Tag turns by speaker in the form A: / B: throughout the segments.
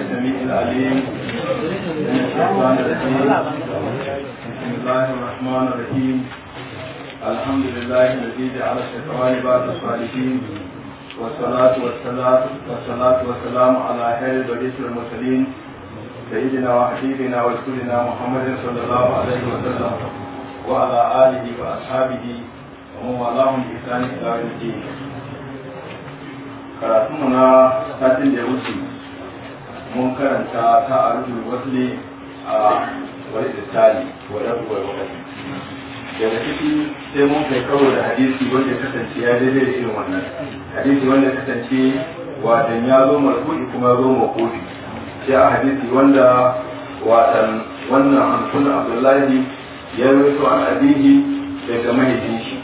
A: السميع العليم من الشيطان الرجيم
B: بسم الله الرحمن الرحيم الحمد لله الذي جعل الشيطان بعد الصالحين والصلاة والسلام والصلاة والسلام على خير بريس المرسلين سيدنا وحبيبنا ورسولنا محمد صلى الله عليه وسلم وعلى آله وأصحابه ومن والاهم بإحسان إلى يوم الدين karatunmu na satin da ya wuce mun karanta ta a rufin wasle a wani istali wadda kuwa wakati daga ciki sai mun kai kawo da hadisi wanda ya kasance ya daidai da irin wannan hadisi wanda ya kasance watan ya zo marfu'i kuma zo makofi sai a hadisi wanda watan wannan hamsun abdullahi ya rufe an abihi daga mahaifin shi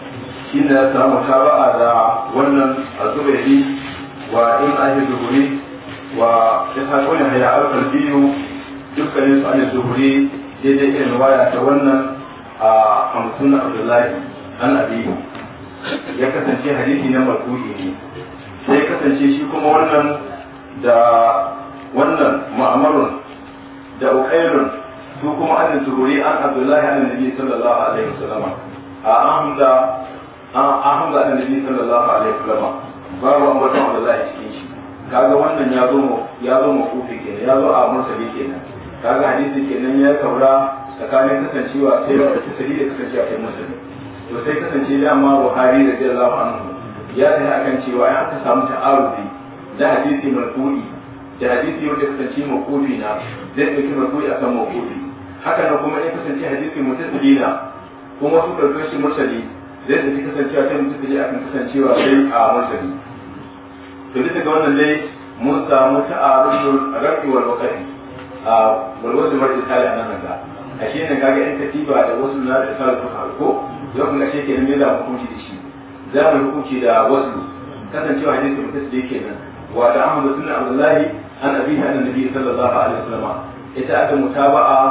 B: shi ne ya samu taba'a da wannan azubairi wa in ahi zuhuri وإسحاق بن يحيى biyu dukkanin su an zuhuri daidai irin waya ta wannan a hamsin abdullahi an abiyu ya kasance hadisi na marfu'i ne sai kasance shi kuma wannan da wannan ma'amarun da ukairun su kuma an zuhuri an abdullahi an nabi sallallahu alaihi wasallama a ahmda a ahmda an nabi sallallahu alaihi wasallama babu an abdullahi cikin shi kaga wannan ya zo ya zo mafufi kenan ya zo a mursali kenan kaga hadisi kenan ya saura tsakanin kasancewa sai mursali da a sai mursali to sai kasance amma Buhari da Allah anhu ya sai akan cewa ya aka samu ta'arufi da hadisi marfu'i da hadisi wanda kasance mafufi na zai dauki marfu'i akan mafufi haka nan kuma in kasance hadisi mutasili na kuma su karɓar shi mursali zai tafi kasancewa sai mutasili akan kasancewa sai a mursali to bisa ga wannan dai mun samu ta'arufin rafi wal wakari a walwasu mai tsari a nan ga a shi ne kaga yan katiba da wasu na da tsari suka harko za ku kashe kenan ne za mu hukunci da shi za mu hukunci da wasu kasancewa hadisi mutum da yake nan wa da ahmadu sunna abdullahi an abi da annabi sallallahu alaihi wasallam ita aka mutaba'a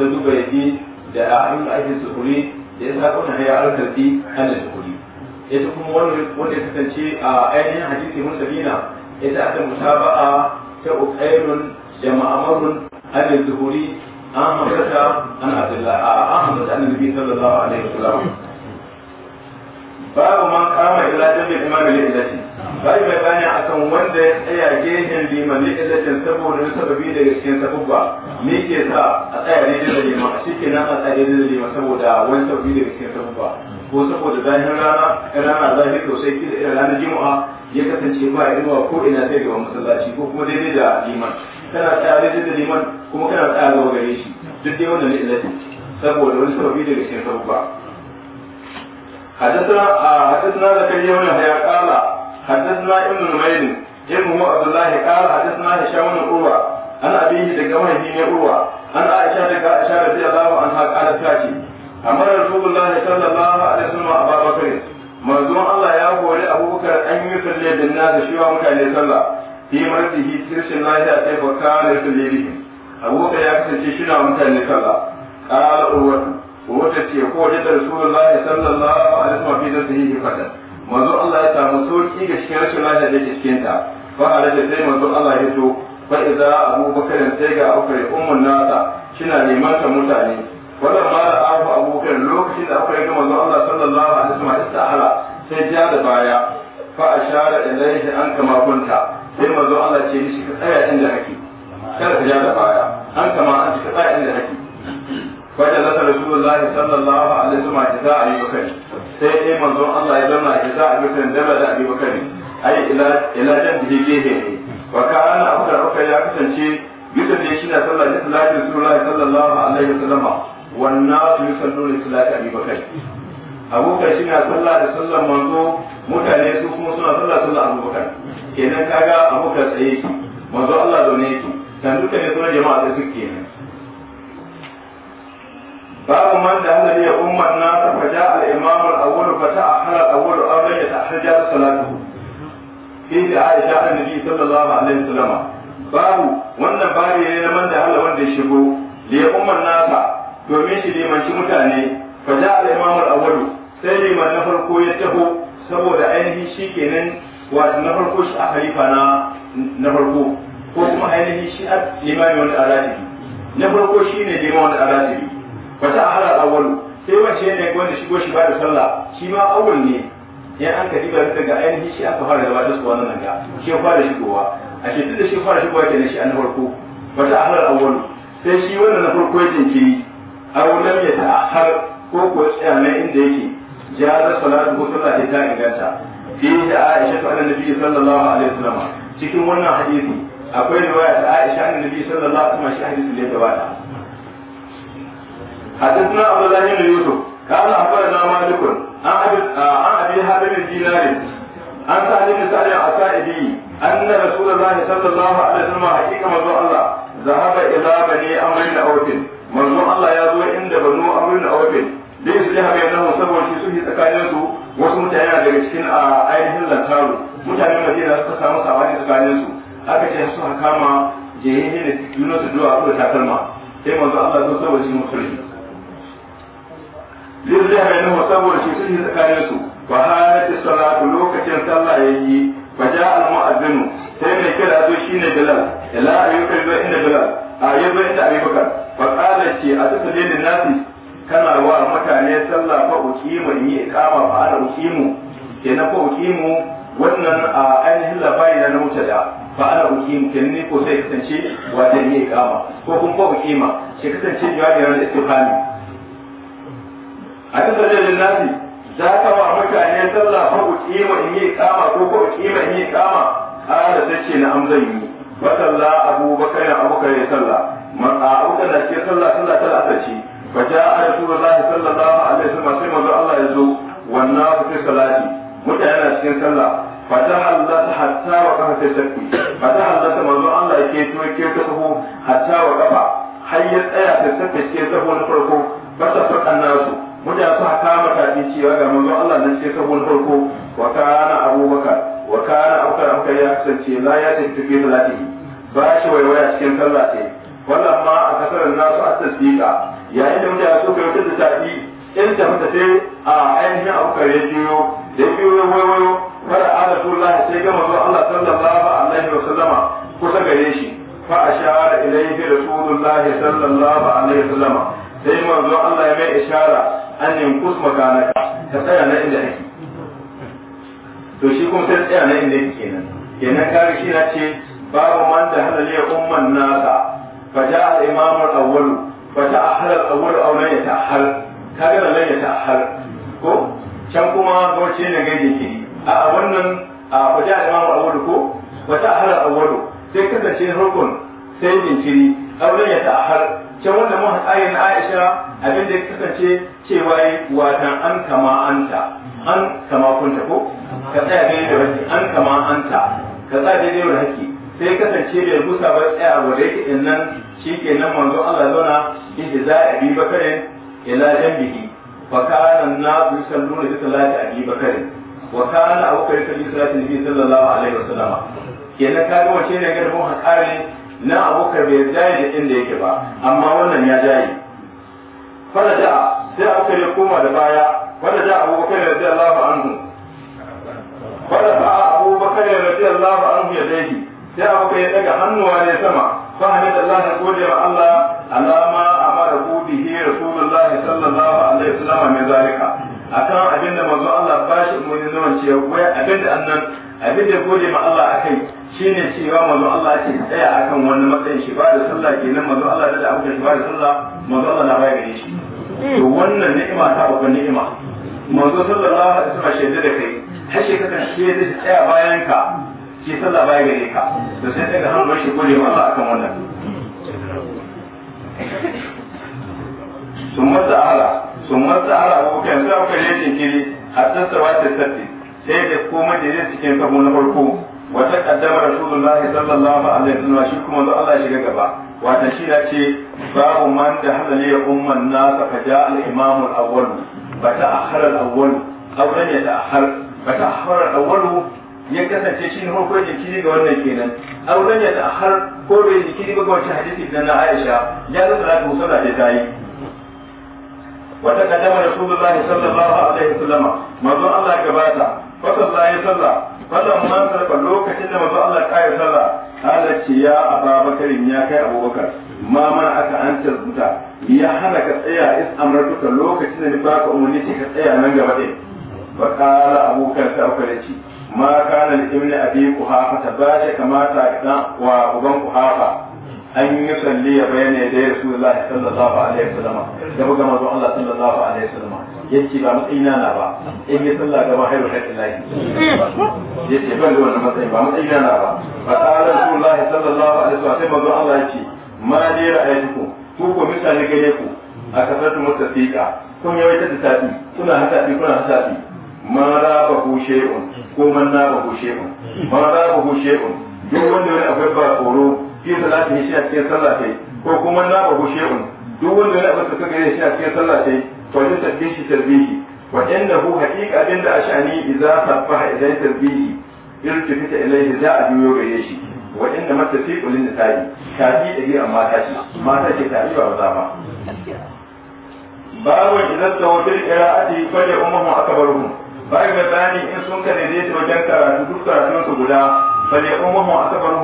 B: ta zubaydi da a ahmad aikin sukuri da ya sa kuna hayya alkarbi an sukuri ita kuma wanda ya kasance a ainihin hadisi musulina ita aka mutaba'a ta ukairun da ma'amarun zuhuri an hamsata an abdullah an hamsata an nabi sallallahu alaihi wasallam babu man kama ila jami'in imam al-illati bai mai bayani akan wanda ya tsaya gehen liman li'illatin saboda sababi daga cikin sabubba me ke sa a tsaya daidai da liman shi ke nan a tsaya daidai da liman saboda wani sababi daga cikin sabubba ko saboda zahirin rana rana zafi sosai kila irin ranar juma'a ya kasance ba inuwa ko ina sai gaban masallaci ko kuma daidai da liman kana tsaye da da liman kuma kana tsaye da gare shi duk dai wannan ne saboda wani sababi da gashin sabu ba hadasna a hadasna da kai yau ne ya kala hadasna ibnu numayni ibnu abdullahi kala hadasna hisamun urwa abin abiyi daga wani ne urwa an aisha da daga aisha radiyallahu anha kala ta ce amma rasulullahi sallallahu alaihi wasallam a babakar manzon Allah ya hori abubakar an yi salli bin nasu shi wa mutane sallah fi marzihi tirshin lahiya sai fa kana salliri abubakar ya kasance shi na mutane sallah qala urwatu urwata ce ko da rasulullahi sallallahu alaihi wasallam fi zatihi fatan manzon Allah ya samu sauki ga cikin rashin lahiya da cikin ta fa alaja sai manzon Allah ya to fa idza abubakar sai ga abubakar ummun nasa shi na neman mutane wannan ma da abu abubakar lokacin da aka yi ga manzon Allah sallallahu alaihi wasallam istahala sai ja da baya fa ashara ilayhi an kama kunta sai manzon Allah ce mishi ka tsaya inda kake kada ka ja da baya an kama an ka tsaya inda kake fa da zata rasulullahi sallallahu alaihi wasallam ta yi bakari sai dai manzon Allah ya zama ya za a bakari da da ali bakari ai ila ila jan bihi ne wa kana abu da ya kasance yadda ne shi na sallallahu alaihi wasallam sallallahu alaihi wasallam wannan su yi sallu da salati abi bakar abubakar shi na sallah da sallan manzo mutane su kuma suna sallah sallah abubakar kenan kaga abubakar tsaye ki manzo Allah zaune ki kan duka suna jama'a da su kenan babu man da hada ya umman na ta faja al-imam al-awwal fa ta'ahhara al-awwal aw lam yata'ahhara salatuhu fi Aisha annabi sallallahu alaihi wasallam babu wannan bari ne man da hada wanda ya shigo li umar nasa domin shi limanci mutane fa ja al imam al awwal sai liman na farko ya taho saboda ainihin shi kenan wa na farko shi a halifa na na farko ko kuma ainihin shi a limami wanda a na farko shi ne liman wanda a rajiri fa ja al awwal sai wace ne wanda shigo shi ba da sallah shi ma awwal ne ya an ka diba daga ainihin shi aka fara gaba da su wannan ga shi ya fara shigowa a shi duk da shi fara shigowa kenan shi an na farko wata ahlar awwal sai shi wannan na farko ya jinkiri aw lam yata'akhkhar ko ko tsaya nan inda yake jaza salatu ko sallah ta inganta fi da Aisha ta annabi sallallahu alaihi wasallam cikin wannan hadisi akwai riwaya da Aisha annabi sallallahu alaihi wasallam shi hadisi da gabata حدثنا عبد الله بن يوسف قال اخبرنا مالك عن ابي عن ابي دينار عن سعد بن سعد العسائدي ان رسول الله صلى الله عليه وسلم حقيقه الله ذهب الى بني امر بن manzo Allah ya zo inda banu amrin a wajen da su liha bayan nahu saboda shi suke tsakanin su wasu mutane na daga cikin a ah, ainihin lantaru mutanen madina suka samu sabani tsakanin su aka ce su haka kama jehehe da juna su duwa ko da takalma sai manzo Allah zo saboda shi mutane da su liha bayan nahu saboda shi suke tsakanin su fa halatu salatu lokacin sallah yayi fa ja al muadhdhinu sai mai kira zo shine Bilal ila ayyuka inda Bilal a yanzu inda Abubakar faqala ce a tuka dalilin nasi kana wa mutane sallah fa uqimu yi iqama fa ana uqimu kenan fa uqimu wannan a ainihin labari na mutada fa ana uqimu kenan ne ko sai kasance wata yi iqama ko kun fa uqima shi kasance jawabi na istifhami a tuka dalilin nasi za ka wa mutane sallah fa in yi iqama ko ko uqima ni iqama ala sai sace na amzan yi wa sallah abubakar abubakar ya sallah a abuka da ke sallah sallah ta asar ce fa ja'a rasulullahi sallallahu alaihi wasallam sai manzo Allah ya zo wannan fi salati mutane na cikin sallah fa ta halata hatta wa kafa ta shakki ta halata manzo Allah ya ke to ke ta sahu hatta wa kafa har ya tsaya ta sake cikin sahu na farko ba ta fakan nasu mutane suka kama tafi cewa ga manzo Allah na cikin sahu na farko wa kana abubakar wa kana abubakar ya kasance la ya tafi fi salatihi ba shi waiwaya cikin sallah ce wannan ma a kasarar nasu a tasdiqa yayin da mutane suka yi ta tafi in ta mata sai a ainihin abubakar ya juyo da ya juyo wayo fara ala tullahi sai ga mazo Allah sallallahu alaihi wa sallama kusa gare shi fa ashara ilayhi rasulullahi sallallahu alaihi wa sallama sai manzo Allah ya mai ishara an yankus makanaka ka tsaya na inda yake to shi kuma sai tsaya na inda yake kenan kenan kare shi na ce babu man da halaliya umman nasa فجاء الإمام الأول فتأهل الأول أو لن يتأهل كذا لن يتأهل ko can kuma gauce ne gaje ke a wannan a faja al-imam ko wata ahal awwal sai kasance rukun sai jinkiri auren ya ta'ahar can wannan mun ayin Aisha abin da kasance cewa watan an kama anta an kama kunta ko ka tsaya daidai da an kama ka sai kasance bai rusa ba tsaya wa da yake nan shi ke nan manzo Allah zauna inda za a bi bakarin ila jambihi fa kana nasu yusalluna bi salati abi bakare wa kana abu bakar salli salati nabi sallallahu alaihi wasallama kenan ga wace ne ga mun hakare na abokar bai jaye da inda yake ba amma wannan ya jaye fara da sai aka ya koma da baya fara da abubakar radiyallahu anhu fara da abubakar radiyallahu anhu ya dai sai abubakar ya daga hannuwa ne sama فحمد الله يقول يا الله على ما أمره به رسول الله صلى الله عليه وسلم من ذلك akan abin da manzo Allah ba shi umarni na wance wai abin da annan abin da gode ma Allah akai shine cewa manzo Allah ce tsaya akan wani matsayin shi ba da sallah kenan manzo Allah da abu da shi ba da sallah manzo Allah na baya gare shi to wannan ni'ima ta babban ni'ima manzo sallallahu alaihi wasallam shaida da kai har shi ka kan shaida tsaya bayan ka shi sallah baya gare ka to sai daga hannun shi gode masa akan wannan sun masa ala sun masa ala abokan sai aka yi jinkiri a tattara ta tattara sai da ko da zai cikin sabo na farko wata kaddama rasulullahi sallallahu alaihi wasallam shi kuma da Allah shiga gaba wata shi da ce babu man da halali ya umman nasa fa ja al imam al awwal fa ta'akhkhara al awwal aw lam yata'akhkhar fa ta'akhkhara al awwal ya kasance shi ne farko kiri ga wannan kenan auren ya da har ko bai jiki ba ga wancan hadisi da na Aisha ya zo da ku sallah da tayi wa taqaddama rasulullahi sallallahu alaihi wasallam manzo Allah ya gabata fa sallallahu alaihi wasallam wannan man sarfa lokacin da mazo Allah ya salla. sallah Allah ce ya Abubakar ya kai Abubakar ma mana aka an tarbuta ya hana ka tsaya is amratuka lokacin da ni baka umarni ka tsaya nan gaba ɗaya fa kala abubakar sai aka ma kana da ibn abi kuhafa ta ba shi kamata dan wa uban kuhafa an yi salli ya bayyana ya dai rasulullahi sallallahu alaihi wasallam da buga manzo Allah sallallahu alaihi wasallam yace ba matsayina na ba in yi sallah gaba hairu hairu yace ban da wannan matsayi ba matsayina na ba ta ta'ala rasulullahi sallallahu alaihi wasallam sai manzo Allah yace ma dai ra'aytukum ku ko misali gare ku a kasar mutafiqa kun yawaita da tafi kuna hatafi kuna hatafi mara ba ku shay'un ko man na ba shay'un ma na ba shay'un duk wanda wani akwai ba tsoro fi salati shi a cikin sallah sai ko kuma na ba shay'un duk wanda wani abu suka gare shi a cikin sallah sai to ya tabbishi tarbihi wa innahu haqiqa abinda ashani idza sabbaha idan tarbihi irtifita ilayhi za a biyo gare shi wa inna matafiqu lin nisa'i tafi da gidan mata ce mata ce tafi ba za ba babu idan tawaffir qira'ati fa ya ummuhu akbaruhum ba yi bayani in sun ka daidaita wajen karatu duk karatunsu guda fa ne umuhu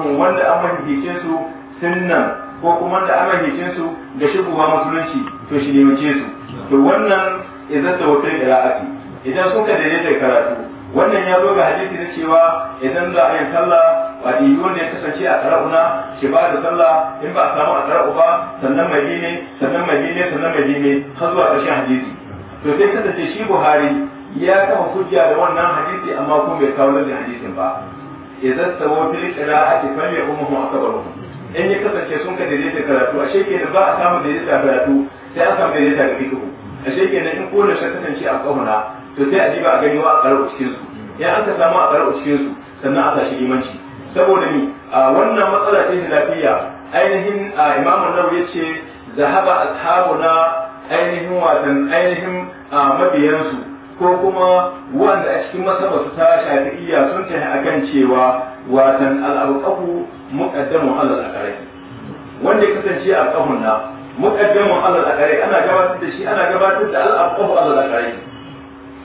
B: mu wanda an mahihice su sunnan ko kuma da an mahihice su da shigowa musulunci to shi mace su to wannan idan da wata idan sun ka daidaita karatu wannan ya zo ga hadisi na cewa idan za a yi sallah wa diyo ne kasance a qara'una shi ba da sallah in ba a samu a qara'u ba sannan madine sannan madine sannan madine har zuwa ƙarshen hadisi to sai kasance shi Buhari ya kama hujja da wannan hadisi amma kuma bai kawo da hadisin ba idza sabo fil qira'ati fal yaqumuhu akbaru in ya kasance sun ka daidaita karatu a sheke da ba a samu daidaita karatu sai an samu daidaita ga fiqh a sheke na in kowane shi kasance a kauna to sai a diba a gani wa a cikin su ya an ka samu a karo cikin su sannan a sashi imanci saboda ni wannan matsala ce lafiya ainihin imamu nawawi yace zahaba ashabuna ainihin dan ainihin mabiyansu ko kuma wanda a cikin masabar ta shafi'iyya sun tafi kan cewa watan al'aqahu muqaddamun alal ƙarai. wanda ya kasance a kafun na muqaddamun alal ƙarai ana gabatar da shi ana gabatar da al'aqahu alal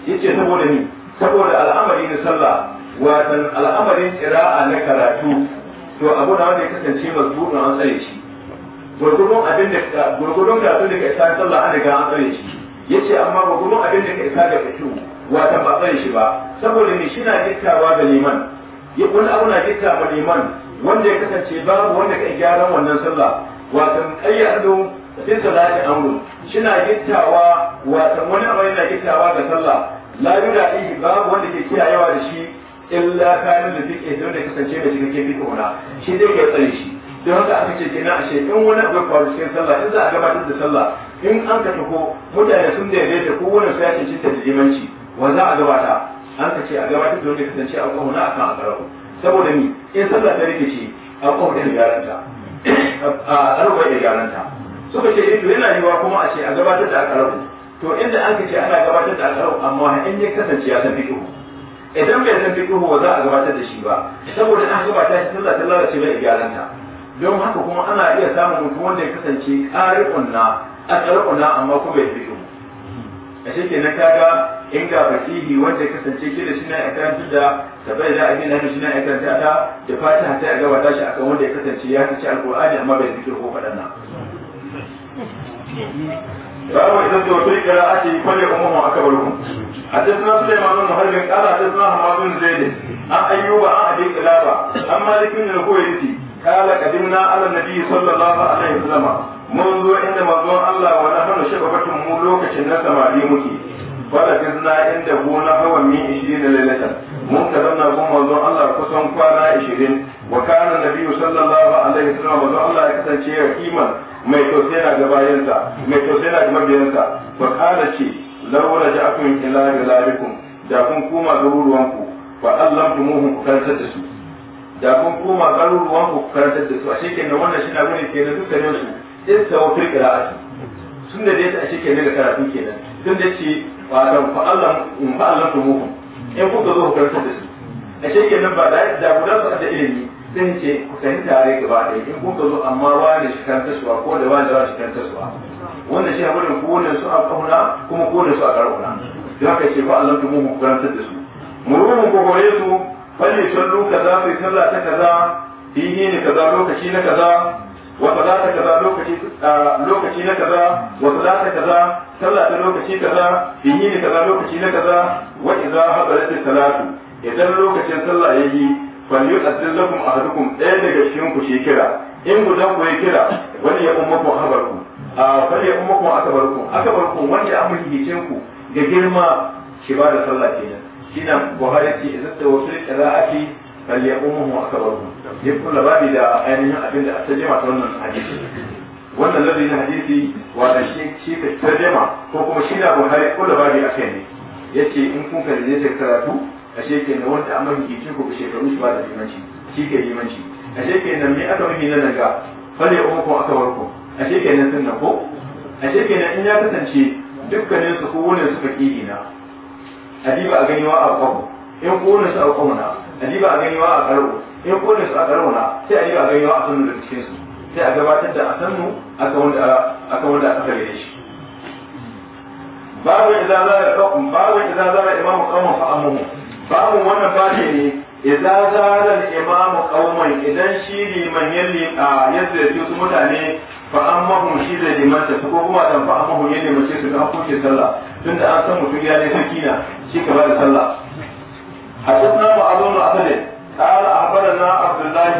B: ya ce saboda ni saboda al'amari na sallah watan al'amarin a na karatu to abu da wanda ya kasance mazbuɗin an tsare shi gurgudun abin da gurgudun karatu da ka isa sallah an riga an tsare shi yace amma ba gurin abin da ka isa da fito wata ba tsayin shi ba saboda me shi na gittawa da liman ya wani abu na gitta ma liman wanda ya kasance babu wanda ka gyaran wannan sallah ayya ayyadu fi salati amru shina gittawa watan wani abu yana gittawa ga sallah la ihi babu wanda ke kiyayewa da shi illa kayan da fiqh don da kasance da cikakken fiqh wala shi dai ke tsare shi don haka aka ce kenan a in wani abu ya cikin sallah in za a gabatar da sallah in an ka tafi mutane sun daidaita ko wani su ya cancanta da wa za a gabata an ka ce a gabatar da ya kasance a kawo na kan akarau saboda ni in sallah ta ce a kawo da gyaranta a arba da gyaranta suka ce ito eh, yana yiwa kuma a ce a gabatar da akarau to inda an ka ce ana gabatar da akarau amma in ya kasance ya san fiqhu idan bai san fiqhu ba za a gabatar da shi ba saboda an gabata shi sallah ta lalace mai gyaranta don haka kuma ana iya samun mutum wanda ya kasance ƙari'un na a tsarkuna amma kuma ya fito a shi na kaga in ga fasihi wanda ya kasance ke da suna aikata duk da sabai da abin da a aikata ta da fatan ta ya gaba tashi akan wanda ya kasance ya kace alqur'ani amma bai fito ko na. Rabu idan to kai kara ake kwalle kuma mu aka barku. Hadisi na Sulaiman bin Muhammad bin Qara hadisi na Muhammad bin Zaid. A ayyuba a abin kilaba. Amma dukkan ne ko yake. Kala kadimna ala nabi sallallahu alaihi wasallam. mun zo inda manzon Allah wa nahnu shababatun mu lokacin na samari muke wala bizna inda hu na mi min 20 lalata mun ka zanna gun manzon Allah kusan kwana 20 wa kana nabiyyu sallallahu alaihi wasallam manzon Allah ya kasance kiman mai tausayi na gabayinsa mai tausayi na mabiyansa fa kana ce law raja'tum ila biladikum da kun koma garuruwanku fa Allah ku karantar da su da kun koma garuruwanku ku karantar da su a shekin wannan shi na gune ke da su in sau fil qira'ati tun da dai a cikin da karatu kenan tun da ce ba dan fa Allah in fa Allah tumuhum in kuka zo ku karanta da su a cikin nan ba da da guda su da ilimi sai ce ku san tare gaba da in kuka zo amma wani shi karanta su ko da wani da shi karanta su wanda shi hakurin ku wannan su a kahuna kuma ku wannan su a karuna don haka ce fa Allah tumuhum ku karanta da su murumun ku hore su falle sallu kaza fi sallah ta kaza fihi ne kaza lokaci na kaza وصلاة كذا لوكتي لوكتي كذا وصلاة كذا صلاة لوكتي كذا في كذا لوكتي كذا وإذا هبلت الصلاة إذا لوكتي صلاة يجي فليؤذن لكم أحدكم ɗaya daga cikin ku shi kira in gudan ku koyi kira wani ya ummaku habarku a wani ya ummaku akabarku akabarku wani ya ku ga girma shi ba da sallah kenan shi na buhari ce idan qira'ati kalli ya umuhu a kabaru ya kula babi da ainihin abin da a tarjama ta wannan hadisi wannan lafi na hadisi wata shi shi ta tarjama ko kuma shi na buhari kula babi a kai ne ya in kun kalli zai karatu a na wanda an mafi kici shekaru shi ba da limanci shi ke me aka mafi ko in ya kasance dukkanin su ko suka kiri na a gani wa a kwamu in su a kwamu na ajiba a gani wa a karo in kone su a karo na sai a a gani wa a sannu da cikin su sai a gabatar da a sannu a wanda aka wanda aka gare shi babu idan za a ɗauku babu idan za a imamu kawo fa amuhu babu wannan fashe ne idan zalar imamu kauman idan shi liman ya yadda ya su mutane fa an shi da limanta ko kuma tan fa an mahun ya limace su ga hukuncin sallah tunda an san mutum ya ne na, shi ka ba da sallah حدثنا معاذ بن اسد قال اخبرنا عبد الله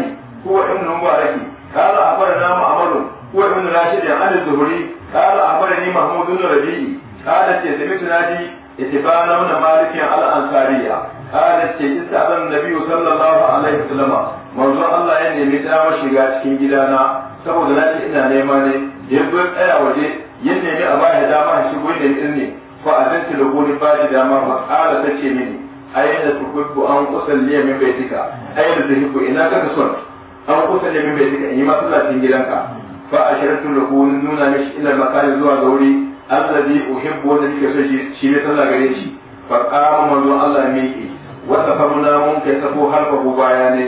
B: هو ابن مبارك قال اخبرنا معمر هو ابن راشد عن الزهري قال اخبرني محمود بن ربيعي قالت سمعت نادي اتبان بن مالك على الانصاريه قالت استاذن النبي صلى الله عليه وسلم manzon Allah ya nemi damar shiga cikin gidana saboda na ce ina nema ne ya zo tsaya waje ya nemi a baya dama ya shigo da izini ko a zance da goni ba shi dama ba ƙara ta ce mini ayyana tuhibbu an usalliya min baitika ayyana tuhibbu ina kaka son an usalliya min baitika in yi cikin gidanka fa asharatu lahu nuna mishi ila makani zuwa ga wuri allazi uhibbu wa nake so shi shi ne sallah gare shi fa qama manzo Allah miki wa famuna mun kai safo harfa ko baya ne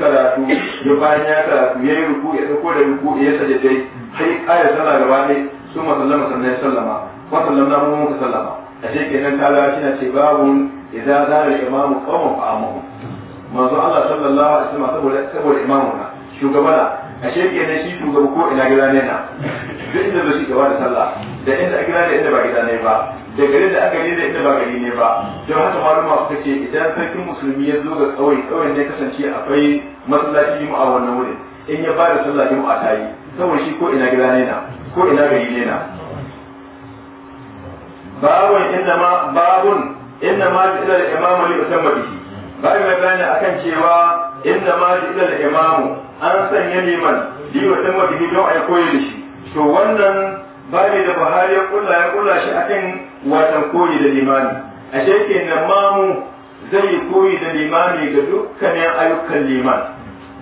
B: karatu ya bayan ya karatu ya yi ruku ya dauko da ruku ya dai sai ayar sallah gaba ne su masallama sannan ya sallama wa sallamna mun muka sallama ashe kenan ta shi na ce babu idan zara imamu qawmun fa amuhum manzo Allah sallallahu alaihi wasallam saboda saboda imamu na shugabana ashe da shi shugaba ko ina gida ne na duk inda zai gaba da sallah da inda a gida da inda ba gida ne ba da gari da aka yi da inda ba gari ne ba don haka malama suka ce idan sarkin musulmi ya zo ga tsawai tsawai ne kasance akwai masallaci mu a wannan wurin in ya ba da sallah mu a tayi saboda shi ko ina gida ne na ko ina gari ne na babun inda ma babun inna ma ila al imam li utamma bihi bai mai bayani akan cewa inna ma ila al-imamu an sanya man li utamma bihi don ai koyi da shi to wannan bani da bahari ya kula ya kula shi akan watan koyi da limani ashe na mamu zai koyi da limani ga dukkanin ayyukan liman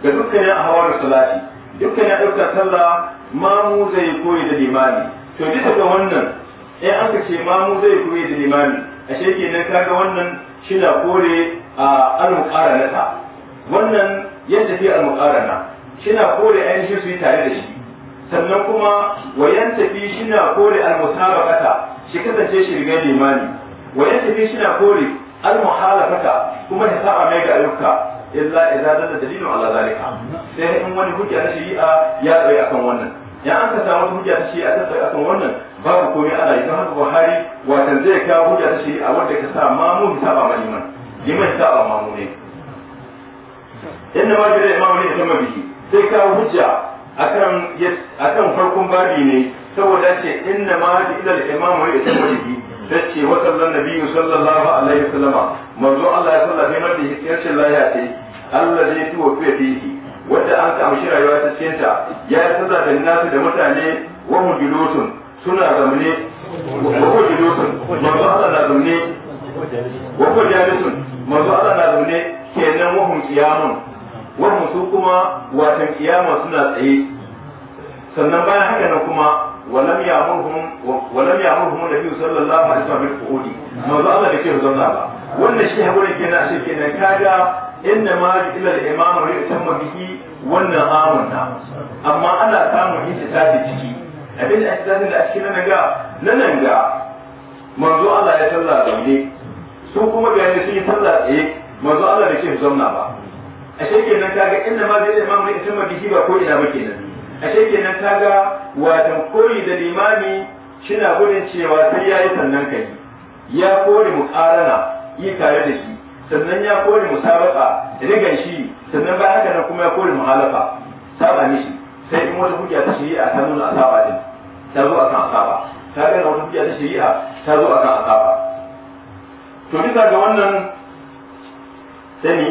B: ga dukkanin ahwalus salati dukkanin ayyukan sallah mamu zai koyi da limani to bisa wannan in aka ce mamu zai koyi da limani ashe kenan kaga wannan shi na kore a al-muqaranata wannan ya tafi al-muqarana shi na kore ainihin su yi tare da shi sannan kuma wayan tafi shi na kore al-musabaqata shi kasance shi riga limani wayan tafi shi na kore al-muhalafata kuma ya sa'a mai ga ayyuka illa idza dalla dalilu ala zalika sai in wani hujja ta shari'a ya tsaye akan wannan ya an ka samu hujja ta shari'a ta tsaye akan wannan babu komai ana yi don haka buhari watan zai kawo hujja ta a wanda ka sa mamu ki saba ma liman liman ki ba mamu ne inda ma bi da imamu ne ta mabihi sai kawo hujja akan akan farkon babi ne saboda ce inna ma bi ila imamu ne ta mabihi tace wa sallan nabiyyu sallallahu alaihi wasallam manzo Allah ya sallame mabihi yace ya ce Allah zai tuwa fiye wanda an samu shi rayuwa ta cikin ta ya yi da nasu da mutane wa mujilutun suna zamne wa ko julusun manzo Allah na zamne wa ko jalisun manzo Allah na zamne kenan wahum qiyamun wahum su kuma watan qiyama suna tsaye sannan bayan haka nan kuma walam ya'murhum walam ya'murhum nabi sallallahu alaihi wasallam bil qu'udi manzo Allah da ke zanna ba wannan shi hakuri kenan shi kenan kaga inna ma ila al-imam wa yutamma bihi wannan amunna amma ana samun ittifaqi ciki abin da ake zane da a cikin nan ga nan ga manzo Allah ya sallah zaune su kuma ga ne sun yi sallah manzo Allah da ke zauna ba a shekin nan kaga inda ma zai imamu ne isin mabihi ba ko ina ba nan. a shekin nan kaga watan koyi da limami shina gudun cewa sai yayi sannan kai ya kori mu muqarana yi tare da shi sannan ya kori kore musabaka rigan shi sannan ba haka nan kuma ya kori mu halafa, saba mishi sai in wata hujja ta shari'a a nuna a saba din ta zo a kan asaba ta ga wata hujja ta shari'a ta zo a kan asaba to bisa ga wannan sani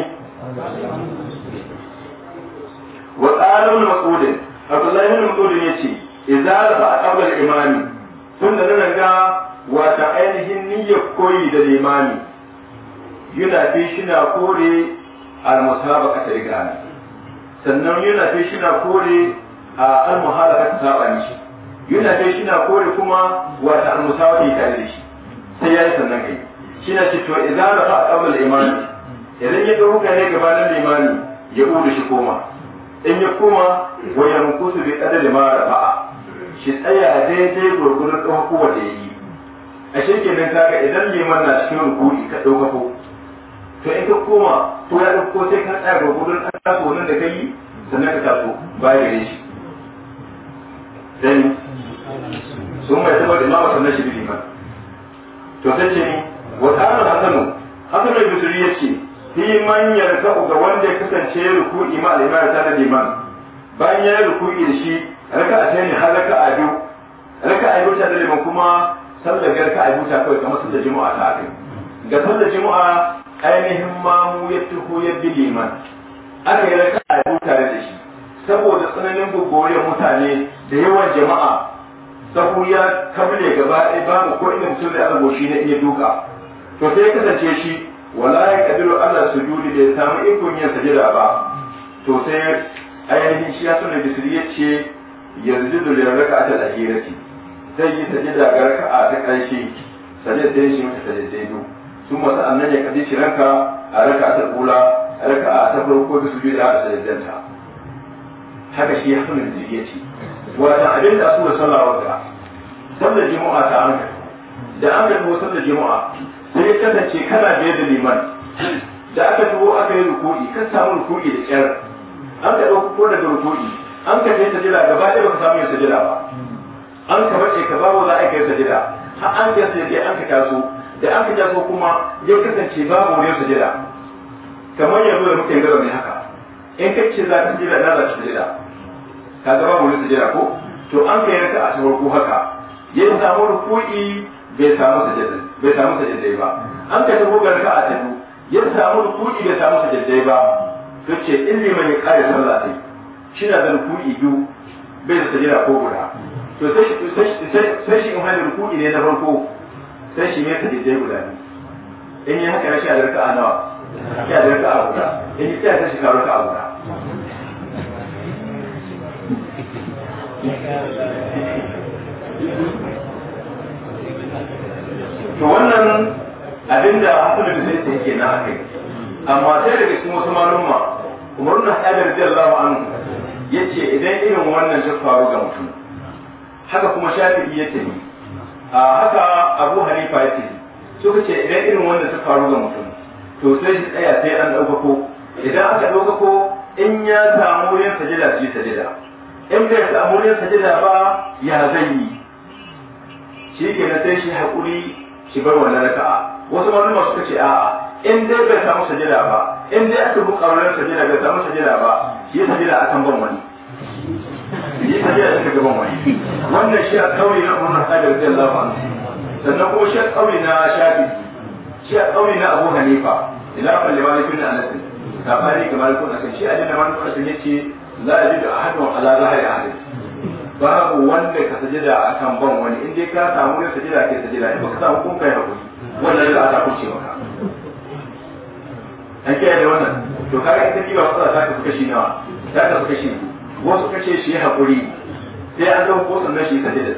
B: wa qala ibn mas'ud Abdullah ibn Mas'ud yace idza rafa qabla al-imami tunda nan ga wata ainihin niyyar koyi da limami yana fi shina kore al-musabaqa ta riga sannan yana fi shina kore a al-muhalaka ta saba ni yana kai shi na kore kuma wata almusawati tare da shi sai ya yi sannan kai shi na ce to idan na fa qabla imani idan ya dauka ne da imani ya bude shi koma in ya koma wa yankusu bi qadar ma rafa'a shi tsaya daidai gurgurun dauko wanda yi a shekin nan ga idan liman na cikin rukuni ka dauka ko to in ka koma ko ya dauko sai ka tsaya gurgurun dauko nan da kai sannan ka taso ba ya gare shi sai sun mai saboda imama sannan shi bi ba to sai ce wa kana hasanu hasan mai bisuri ya ce fi man yarka'u ga wanda ya kasance ruku'i ma al-imam ta da liman bayan ya ruku'i da shi raka'a ta ne har raka'a biyu raka'a biyu ta da liman kuma sallar raka'a biyu ta kawai kamar sallar juma'a ta akai ga sallar juma'a ainihin mamu ya tuho ya bi liman aka yi raka'a biyu tare da shi saboda tsananin gogoriyar mutane da yawan jama'a sahu ya kamle gaba ɗaya babu ko inda mutum da alboshi na iya duka to sai ya kasance shi wala ya kabiru Allah sujudi da ya samu ikon yin sajida ba to sai ainihin shi ya sunna bisiri ya ce yanzu da raka raka'a ta lahirati zai yi sajida ga a ta ƙarshe sajida sai shi mata sajida dai sun masa annan ya kadi shi ranka a raka ta kula raka'a ta farko da sujudi a sajidanta haka shi ya fi jirgi ya ce wata abin da da sallawar da sallar jima'a ta an da an gano sallar jima'a sai ya kasance kana biyar da liman da aka tuwo aka yi rukuri ka samu rukuri da kyar an ka ɗauko daga rukuri an ka kai sajila gaba ɗaya baka samu yin sajila ba an ka bace ka babu za a kai sajila har an ka sai an ka taso da an ka taso kuma ya kasance babu wani sajila kamar yanzu da muke gaba mai haka in ka ce za ka jira na za ka jira ka zama mu jira ko to an kai raka a ku haka ya samu ruku'i bai samu sajada bai samu sajada ba an ka tabo ga ka a ta ya samu ruku'i bai samu sajada ba to ce in ne mai kare sallah sai shi na da ruku'i biyu bai da jira ko guda to sai shi in hali ruku'i ne na farko sai shi ne sajada guda ne in yi haka ya shi a raka a nawa ya da a guda in yi ta shi ka raka a guda
C: to wannan
B: abin da hasanin da zai yake na haka amma sai daga cikin wasu malumma umar na hadar jallahu ya yace idan irin wannan ta faru ga mutum haka kuma iya ta ne a haka abu hanifa yace suka ce idan irin wannan ta faru ga mutum to sai shi tsaya sai an ɗaukako idan aka ɗaukako in ya samu yin sajida shi sajida in bai samu sa sajada ba ya zan yi shi ke na sai shi haƙuri shi bar wannan raka'a wasu malama suka ce a'a in dai bai samu sajada ba in dai aka buƙa wannan sajada bai samu sajada ba Shi yi sajada a kan ban wani yi sajada a kan ban wani wannan shi a kauri na umar hada da Allah ba sannan ko shi a kauri na shafi shi a kauri na Abu Hanifa ila ban da malikin da Anas ka fari kamar kuna kan shi a wani malikun akan yace la yajidu ahadun ala zahri ahadin babu wanda ka sajida akan ban wani in dai ka samu ya sajida kai sajida in baka samu kun kai hakuri wannan da aka kuce maka an kiyaye da wannan to kaga ita kiba matsala ta kasu kashi nawa ta kasu kashi wasu kace shi hakuri sai an zo ko sannan shi sajida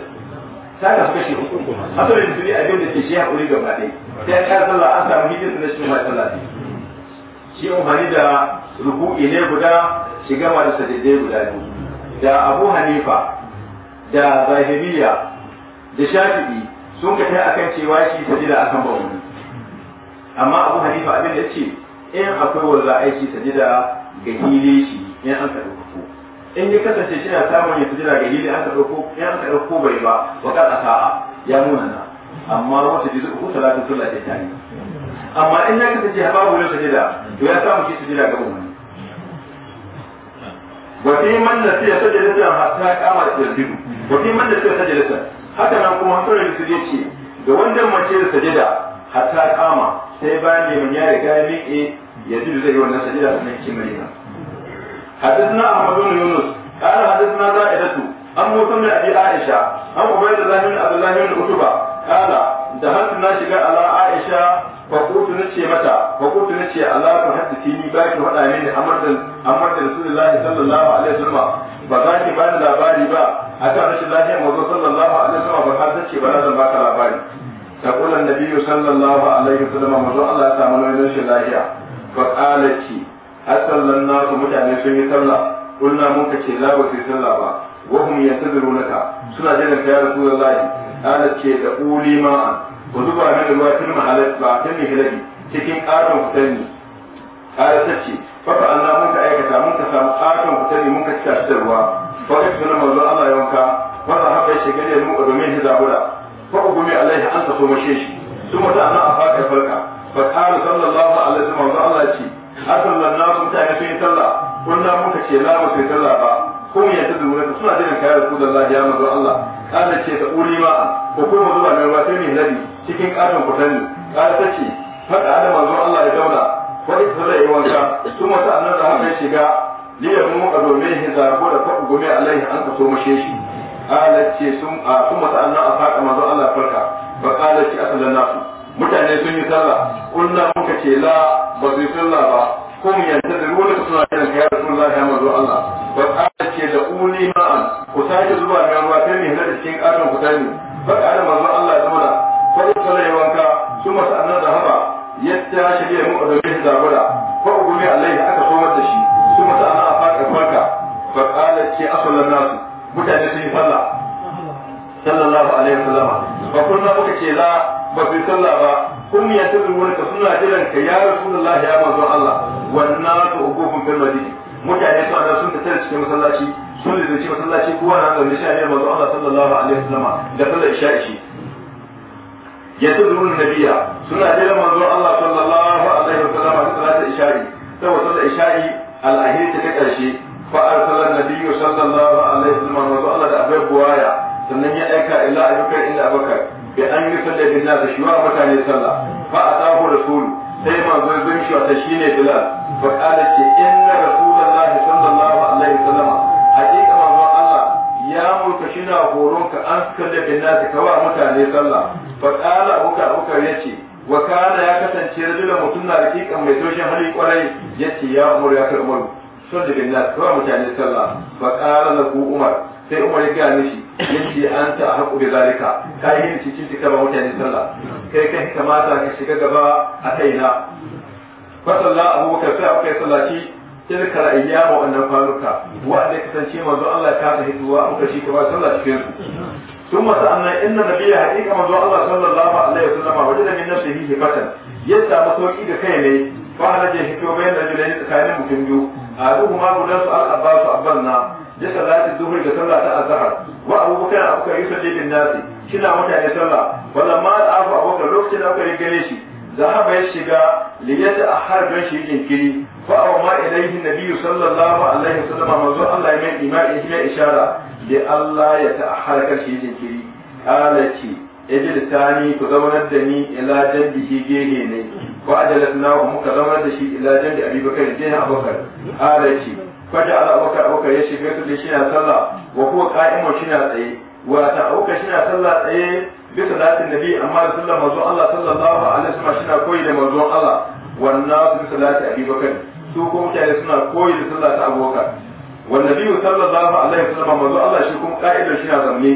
B: ta kasu kashi uku asalin duri abin da ke shi hakuri ga ɗaya sai an zalla sallah an samu hijin da shi mai sallah shi amfani da ruku'i ne guda shi gama da sajidai guda biyu da abu hanifa da zahiriya da shafi'i sun ka akan cewa shi sajida akan bawo amma abu hanifa abin da ce in akwai wanda shi sajida ga hili shi in an karɓi ko in ya kasance shi na samun ya sajida ga hili an karɓi ko in an karɓi ko bai ba wa kan asa'a ya nuna na amma wata jizu ko talatin sun lafiya tare amma in ya kasance babu wani sajida to ya samu shi sajida ga bawani وفي من نسي سجلة حتى قام يسجد وفي من نسي سجلة haka nan kuma hasarar su ya ce Da wanda mace da sajida hatta kama sai bayan neman ya riga ya miƙe ya ji zai yi wannan sajida da nan cikin madina hadisna ahmad bin yunus qala hadisna za'idatu an mutum da abi aisha an ubayd bin abdullah bin utba qala da na shiga ala aisha fakutu na ce mata fakutu na ni ba ki faɗa mini amardan sallallahu alaihi wasallam ba za ki bani labari ba akan rashin lafiyar mazo sallallahu alaihi wasallam ba har ce ba zan baka labari ta kula nabiyyu sallallahu alaihi wasallam mazo Allah ya samu nauyin rashin lafiya fa qalati asallan mutane sun yi sallah kulna mun ka ce la ba sallah ba wa hum yantazirunaka suna jiran ka ya rasulullahi qalat ce da ulima ku zuba na da ruwa tun mahalar ba tun mai hilabi cikin ƙaton kutanni ƙara ta ce faka an mun ka aikata mun ka samu ƙaton kutanni mun ka cika shi da ruwa ba ka tuna mazu Allah ya wanka ba za haɓa shi gare mu a domin hiza hula fa gumi alaihi an ta so mashe shi sun wata ana a faɗa farka fa ƙara sallallahu alaihi wa Allah ce asallan na sun tare sun yi sallah kunna muka ce la ba su sallah ba ko ya ta dubura suna jiran kayar ku da Allah ya mazu Allah kada ce da uri ba ko kuma zuwa nan ruwa sai ne nabi cikin karin kutani kada ta ce fada da manzon Allah ya zauna ko ita zai yi wanka su mata annan da haka shiga liya mu ka domin hiza ko da faɗi gome ya an so mashe shi kada ce sun a su mata annan a faɗa manzon Allah farka ba kada ce asalan nasu mutane sun yi sallah kullum muka ce la ba su yi sallah ba kuma yanzu da ruwan suna kiran ya rasulullahi ya manzon Allah ba ke da uli ma'an ku sake zuwa ga ruwa kai ne da cikin katon ku tani ka da manzo Allah ya zauna fa ya sallai wanka kuma sa'annan da haba ya ta da mu da mai da gura fa ugumi Allah aka so da shi kuma sa'annan a faka farka fa kana ce asalan nasu mutane sun yi sallah sallallahu alaihi wasallam ba kunna muka ce la ba fi sallah ba kun ya tudu wani ka suna jiran ka ya rasulullahi ya manzo Allah wannan su ugufin fil madina mutane su ana sun fitar cikin masallaci sun lalace masallaci kowa na zaune shi ne manzo Allah sallallahu alaihi wasallama da sallar isha'i yasudun nabiya suna jira manzo Allah sallallahu alaihi wasallama da sallar isha'i sai sallar isha'i al-ahir ta karshe fa arsala nabiyyu sallallahu alaihi wasallama manzo Allah da abai buwaya sannan ya aika ila abubakar ila abubakar bi an yi bin nas da wa mutane sallah fa atahu rasul sai manzo zai shi ta shine bilal fa qala ce inna rasul sallallahu alaihi wa taal'am haƙƙi ƙananan Allah ya murtashi na horo ka an san da binna ta ka wa mutane sallah ba ƙara abokabe yace bakara ya kasance na dula mutum na da ƙiƙa mai doshin hali ƙwarai yace ya muru ya karɓarwa san da binna ta ka wa mutane sallah ba ƙara la ku Umar sai Umar ya gane shi ya ce an san haƙƙi zali ka, ka kai da shi ta ka ba mutane sallah kai ka kamata ka shiga gaba a kai na fasalla abubakar ta ko sallaci. tilka ayyamu wannan kwanuka wanda kasance manzo Allah ta ta hituwa muka shi kuma sallah cikin su ثم سألنا إن النبي حقيقة من الله صلى الله عليه وسلم وجد من نفسه هبة يسعى مسوكي كيني فهل جه هتو بين رجلين تكاين مكمجو أبوهما قدر سؤال أباس أبلنا لصلاة الظهر لصلاة الظهر وأبو بكر أبو بكر يصلي للناس كنا متى يصلى ولما رأى أبو بكر لوكتنا أبو بكر ذهب يشجع ليتأخر بين شيء كريم fa'awa ma ilaihi nabi sallallahu alaihi wasallam manzo Allah ya mai imani ya ishara da Allah ya ta harkar shi jinkiri alati ajal tani ku zaunar da ni ila jaddi shi gege ne wa ajalatna wa muka zaunar da shi ila jaddi abubakar da jaddi abubakar alati faja ala abubakar abubakar ya shiga su shi na sallah wa kuma qa'imu shi na tsaye wa abubakar shi na sallah tsaye bisa latin nabi amma da sallah manzo Allah sallallahu alaihi wasallam shi na koyi da manzo Allah wannan bisa latin abubakar su kuma mutane suna koyi da sallah ta abubakar wanda biyu sallallahu alaihi wasallam manzo Allah shi kuma ka'idar shi na zamne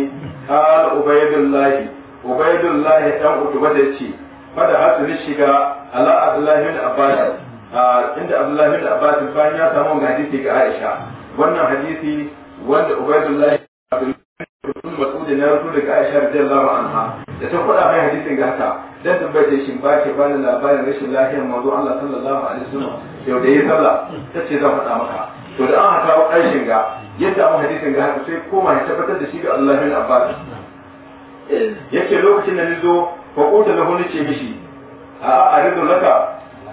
B: qala ubaydullahi ubaydullahi dan utuba da yace fada asiri shiga ala abdullahi bin abbas inda abdullahi bin abbas bayan ya samu hadisi ga aisha wannan hadisi wanda ubaydullahi rukun mas'ud na rasu daga Aisha radiyallahu anha da ta faɗa mai hadisin ga haka dan tabbata shin ba ke bani labarin rashin lafiyar manzo Allah sallallahu alaihi wasallam yau da yi sallah ce zan faɗa maka to da an haka ƙarshen ga yadda mu hadisin ga haka sai koma ya tabbatar da shi ga Allah bin Abbas yace lokacin da nizo fa kuta lahu nace mishi a aridu laka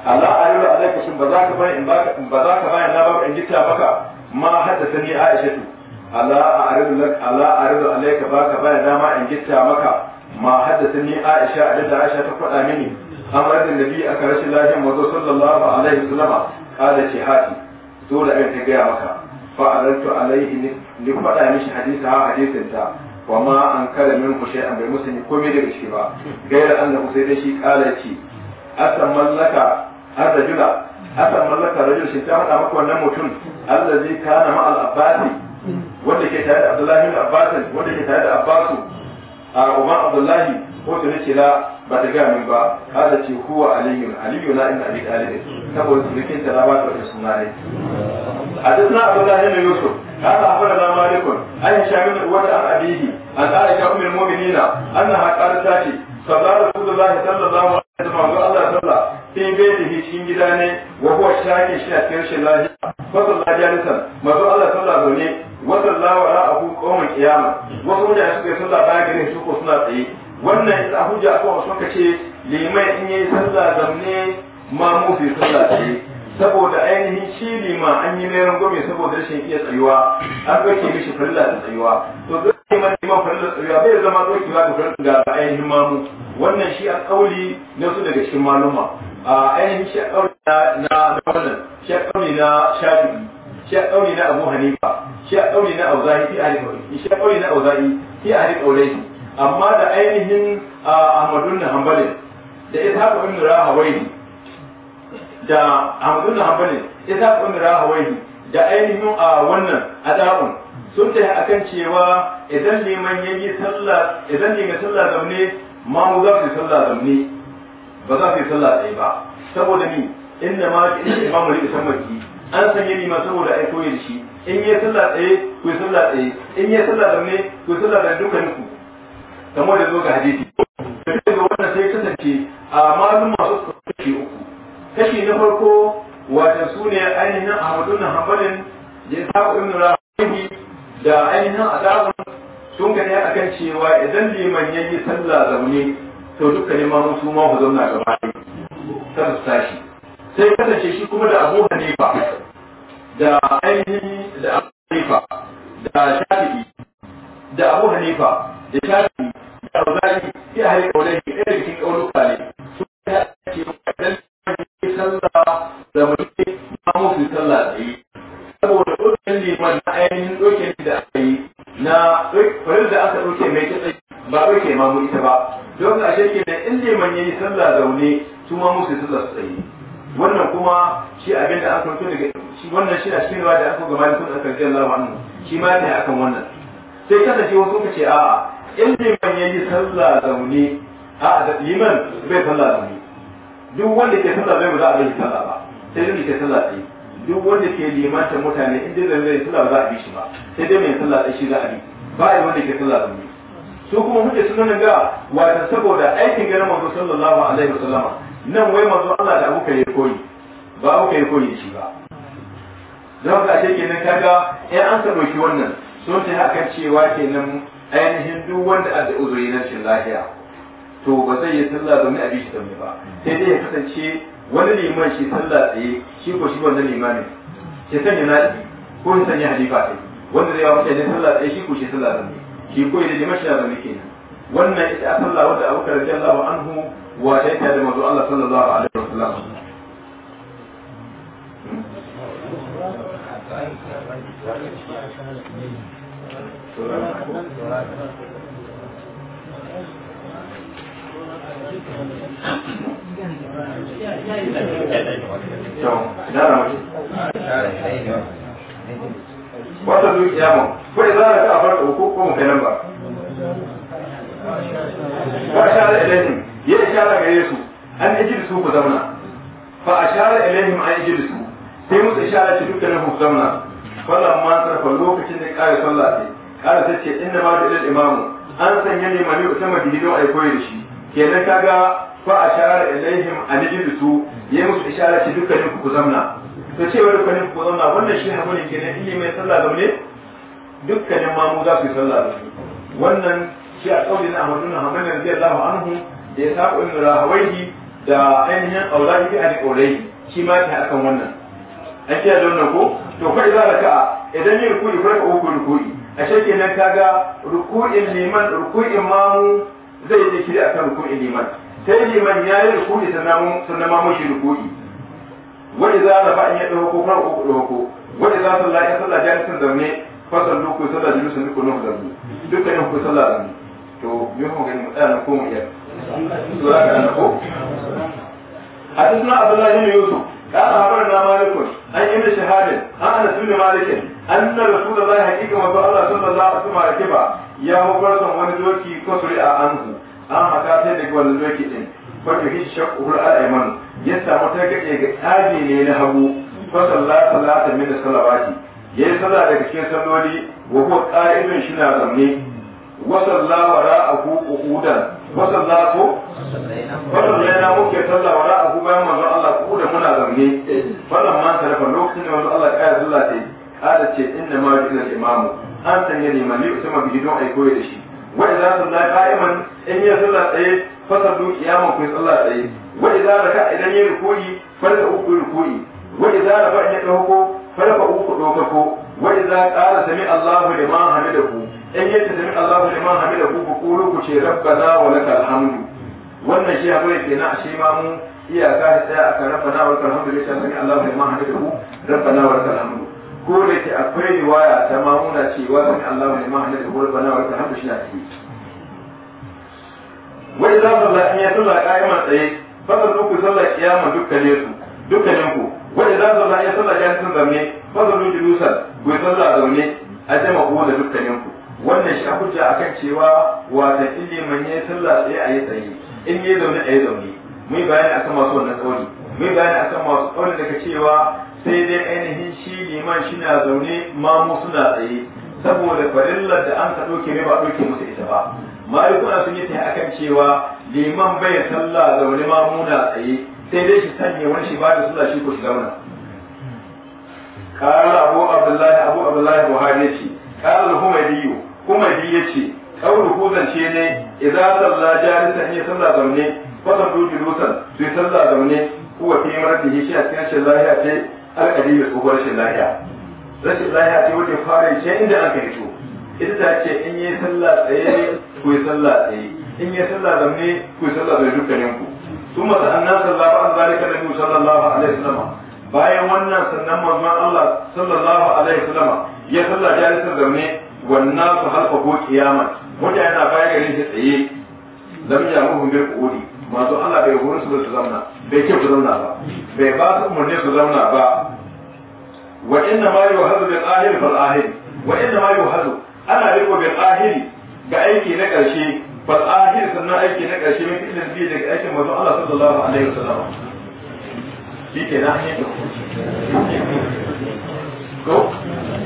B: ala aridu alaika shin ba za ka bani in ba za ka bani na ba in gita maka ma haddathani Aisha ala a'ridu lak ala a'ridu alayka baka baya dama in gitta maka ma haddathani Aisha da Aisha ta faɗa mini an da nabi aka rashin lafiya mazo sallallahu alaihi wasallam kada ce hati dole ai ta gaya maka fa alantu alaihi ni faɗa mishi hadisi ha hadisin ta wa ma an kala min ku shay'an bai musani komai daga shi ba gaira annahu sai dai shi kala ce asan mallaka ar asan mallaka rajul shi ta faɗa maka wannan mutum allazi kana ma al-abbasi wanda ke tare da abdullahi da abbasin wanda ke tare da abbasu a umar abdullahi ko ta ce la ba ta gaya min ba kada ce huwa aliyun aliyu na inda abi talib saboda sulikin ta ba ta da suna ne حدثنا عبد الله بن يوسف قال اخبرنا مالك عن هشام بن An عن ابيه عن عائشه ام المؤمنين انها قالت تاتي صلى رسول الله صلى الله عليه وسلم الله صلى في بيته cikin gida ne wa huwa shaki shi a cikin shi lafiya fa sallallahu alaihi wasallam manzo Allah sallallahu alaihi wannan lawa la abu qawman qiyama wasu mutane suka sallah baya ganin su ko suna tsaye wannan ita hujja ko wasu suka ce liman in yi sallah zamne ma mu fi sallah tsaye saboda ainihin shi lima an yi mai rangwame saboda rashin iya tsayuwa an ɗauke mishi farilla da tsayuwa to dole liman liman farilla tsayuwa bai zama ɗaukewa da farilla ga ainihin mamu wannan shi a ƙauli na su daga cikin maluma a ainihin shi a ƙauli na wannan shi a ƙauli na shafi'i shi a ɗauri na abu hanifa shi a ɗauri na auzahi fi ahli qawli shi a ɗauri na auzahi fi ahli qawli amma da ainihin ahmadun na hanbalin da ishaq ibn rahawayhi da ahmadun na hanbalin ishaq ibn rahawayhi da ainihin a wannan ada'un sun tafi akan cewa idan liman ya yi sallah idan liman sallah zaune ma mu za su yi sallah zaune ba za su yi sallah tsaye ba saboda ni inda ma ki imamu li isan maki an sanya ma saboda ai koyi shi in yi sallah tsaye ko yi sallah tsaye in yi sallah ne ko yi sallah da dukkan ku kamar da zo ga hadisi da wannan sai kasance a malum masu kashi uku kashi na farko wato su ne ainihin ahmadun na hanbalin da ya sa'u ibn rahimi da ainihin adabun sun gane akan cewa idan liman ya yi sallah zaune to dukkan imamu su ma ku zauna gaba ne ta su tashi sai kasance shi kuma da abu hanifa da ainihin da hanifa da shafi'i da abu hanifa da shafi'i abin da aka rubuta daga shi wannan shi a cikin ruwa da aka gama da kuma aka jalla wannan shi ma ne akan wannan sai kasance wasu ka ce a'a in liman yayi sallah zaune a'a da liman bai sallah zaune duk wanda ke sallah bai za abin bai sallah ba sai dai ke sallah tsaye duk wanda ke ta mutane in dai zai sallah za a bi shi ba sai dai mai sallah tsaye shi za a bi ba a wanda ke sallah zaune su kuma muke sunan ga wata saboda aikin ganin manzo sallallahu alaihi wasallama nan wai manzo Allah da abuka ya koyi ba ku kai koyi shi ba don ka ce kenan kaga ai an sabo shi wannan sun ta haka cewa kenan ainihin duk wanda a da uzuri na shin lafiya to ba zai yi sallah da a bi shi zaune ba sai dai ya kasance wani liman shi sallah tsaye shi ko shi wannan limanin ke sanya naɗi ko ya sanya halifa kai wanda zai yawa ne sallah tsaye shi ko shi sallah zaune shi ko ya liman shi na muke kenan wannan ita a sallah wanda abubakar radiyallahu anhu wa ta da mazu Allah sallallahu alaihi wasallam wata dukiya mu ko za ka ta farko ko ko mu ganin ba
C: ba sha ilaihim
B: ya ishara gare su an su ku zauna fa ashara ilaihim an su. sai musu ishara ce dukkanin kwallo amma an sarfa lokacin da kare sallah ce kare ta ce inda ma da ilal imamu an sanya ne mani utama bihi don ai koyi da shi kenan kaga fa ashara ilaihim anijin su yi musu ishara ce dukkanin ku zamna to cewa dukkanin ku zamna wannan shi hamurin kenan ilimin sallah zaune dukkanin mamu za su yi sallah su wannan shi a kauli na Ahmadu bin zai zama anhu da ya sa'u ibn rahawai da ainihin aulahi a al ƙaurai shi ma ta akan wannan an ce don nan ko to fa idan raka idan yi ruku'i ko raka uku ruku'i a shekin nan kaga ruku'in liman ruku'in mamu zai yi jikiri akan ruku'in liman sai liman ya yi ruku'i sannan mamu shi ruku'i wani za a fa'in ya ɗauko ko farko uku ɗauko wani za a sallah ya sallah jami'in zaune fasar duku sallah julusun duku nuhu zaune dukkanin ku sallah zaune to yi mu gani mu tsaya na komu iya. Sura ka na ko? Hadis na Abdullahi Yusuf ya sahabar na malikun an yi da shahadin an ana sunni malikin an na rasul da zai hakika masu Allah sun da za a suma rake ba ya hukar wani doki ko a an zu an haka ta daga wani doki ɗin wata fi shakkuhul al'aiman ya samu ta gaɗe ga tsabi ne na hagu ko sallah sallah ta mina salawati ya yi sallah daga cikin salloli wa ko ƙa'idun shi na zamne wasalla wara abu uhudan wasalla ko wasalla muke salla wara abu bayan manzo Allah ku da muna zamne falan ma tarafa lokacin da manzo Allah ya kaya sallah sai kada ce inna ma bi jina imamu an sanya liman ne usama bi don ai koyi da shi wa idza salla qa'iman in ya salla tsaye fasallu qiyaman ku salla tsaye wa idza raka idan ya rukuyi farka uku rukuyi wa idza rafa ya dauko farka uku dauko wa idza qala sami Allahu liman hamidahu in yi tazami Allahu liman hamida ku ku kuru ku ce rabbana wa lakal hamdu wannan shi akwai kenan a shi ma mu iyaka ka aka rabbana wa lakal hamdu ne sai sami Allahu liman hamida ku rabbana wa lakal hamdu ko da ke akwai riwaya ta ma na cewa sami Allahu liman hamida ku rabbana wa lakal hamdu shi na ciki wai za su lafi ya sallah kayan tsaye fasar ku sallah kiyama dukkanin su dukkanin ku wai za su lafi ya sallah kayan sun zamne fasar ku julusan ku sallah zaune a jama'a da dukkanin ku wannan shi hujja akan cewa wata ille man yi sallah sai ayi tsaye in yi zaune yi zaune mun yi bayani akan masu wannan tsauri mun yi bayani akan masu tsauri daga cewa sai dai ainihin shi liman shi na zaune mamu suna tsaye saboda farillar da an ka ɗauke ne ba ɗauke musu ita ba malikuna sun yi ta akan cewa liman bai sallah zaune mamu na tsaye sai dai shi sanya wani shi ba da sallah shi ko shi zauna قال أبو عبد الله أبو عبد الله البخاري قال الحميدي kuma shi ya ce ƙauru ce ne idan sallah ta ya sallah zaune fasan duki dutan su sallah zaune kuwa yi mara da shi a cikin lahiya ce alƙadi ya tsohuwar shi lahiya rashin lahiya ce wata fara ce inda an kai to ita ta ce in yi sallah tsaye ku yi sallah tsaye in yi sallah zaune ku yi sallah zaune dukkanin ku ثم سألنا صلى الله عن ذلك النبي صلى الله عليه وسلم bayan wannan sannan manzon Allah sallallahu alaihi wasallam ya sallah jalisar zaune Wannan su halka ko kiyama mutane na baya gare shi tsaye lam ya muhum bil qudi masu Allah bai horon su su zauna bai ce ku zauna ba bai ba su umarni su zauna ba wa inna ma yuhazu bil ahir fal ahir wa inna ma yuhazu ana riko bil ahir ga aiki na karshe fal ahir sannan aiki na karshe mai ilin bi daga aikin manzo Allah sallallahu alaihi wasallam shi ke na hanyar ko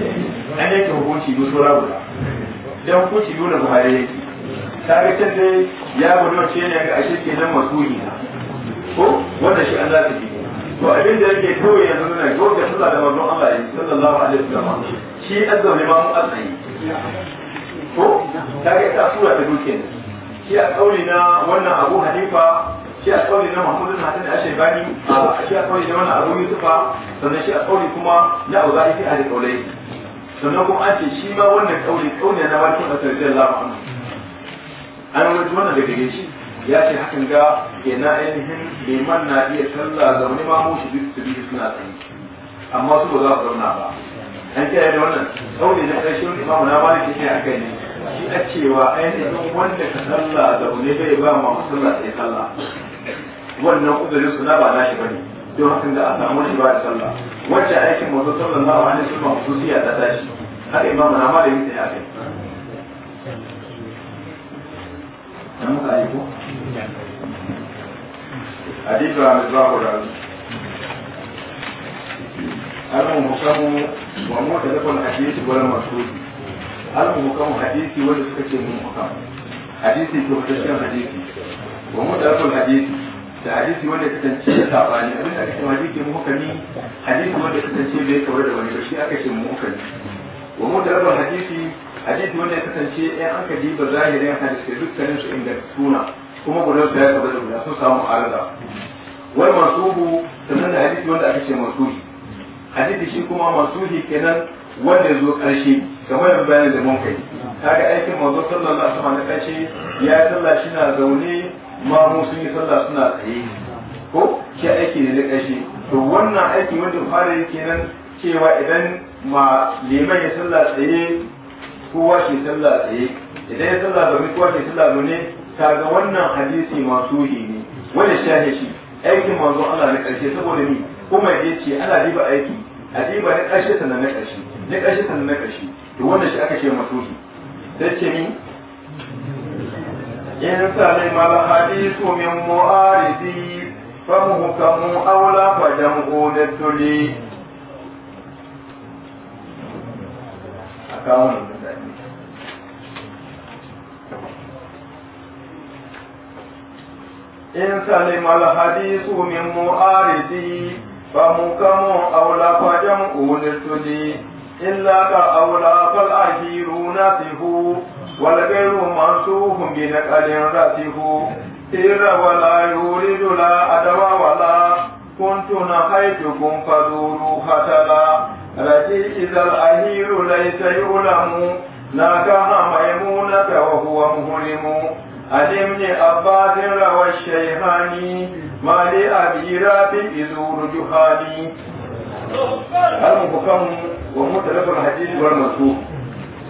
B: an ne hukunci biyu sura guda don hukunci yi da buhari yake ta ga can dai ya gudu ce ne ga ashe ke nan masuli na ko wanda shi an za ta fi to abin da yake kawai yanzu ne ko da sallah da manzon Allah ya sallallahu alaihi wasallam shi azza ne ma mu azai ko ta ga ta sura ta duke ne shi a kauli na wannan Abu Hanifa shi a kauli na Muhammad bin Hasan al-Shaybani shi a kauli na wannan Abu Yusufa sannan shi a kauli kuma na Uzaifi al-Qawlai sannan kuma an ce shi ma wannan kauli kauli na bakin asirjar lamu an wani wannan daga gare shi ya ce hakan ga na ainihin liman na iya sallah zaune ma mu shi duk su suna tsaye amma su ba za su zauna ba an kiyaye da wannan kauli na wani imamu na ba ne a kai ne shi a cewa ainihin wanda ka sallah zaune bai ba ma sallah sai sallah wannan uzurin su na ba na shi ba ne. don hakan da a samu shi ba da sallah wacce aikin manzo sallallahu alaihi wasallam khususiyya ta tashi har imam na mare yake ya kai dan muka yi ko hadithu an zahu rawi al-muhkamu wa mu'tadakul hadith wal mashhud al-muhkamu hadithi wanda suka ce muhkam hadisi to hadisi wa mu'tadakul hadithi da hadisi wanda ya kasance da sabani abin da aka ce hadisi muhkami hadisi wanda ya kasance bai kawar da wani shi aka ce muhkami wa da mudarabul hadisi hadisi wanda ya kasance ɗan aka diba zahirin hadisi dukkanin su inda suna kuma guda su ya kawar da guda sun samu arada masu masuhu sannan da hadisi wanda aka ce masuhi hadisi shi kuma masu masuhi kenan wanda ya zo ƙarshe kamar yadda bayanin da mun kai kaga aikin manzo sallallahu alaihi wasallam na ƙarshe ya sallah shi na zaune ma mu sun yi sallah suna tsaye ko ke aiki ne na kashi to wannan aiki wanda fara kenan cewa idan ma liman ya sallah tsaye kowa shi sallah tsaye idan ya sallah zaune kowa shi sallah ta kaga wannan hadisi yi ne wanda shahe shi aikin manzo Allah na karshe saboda ni kuma ya ce ana diba aiki a diba na karshe sannan na karshe na karshe sannan na karshe to wannan shi aka ce masuhi sai ce ni إن سلم الحديث من معارضي فمهكم أولى فجمع للتلي أكاون إن سلم الحديث من معارضي فمهكم أولى فجمع للتلي إلا كأولى فالأخير ناسه والغير منصوف بنقل راسه إذ ولا يولد لا أدوى ولا كنت نهيتكم فزوروا ختلا رجي إذا الأهيل ليس يؤلم ناكها ميمونة وهو مهرم عن ابن عباس روى الشيخاني ما لأبي رافع يزور جهاني المحكم ومتلف الحديث والمسوح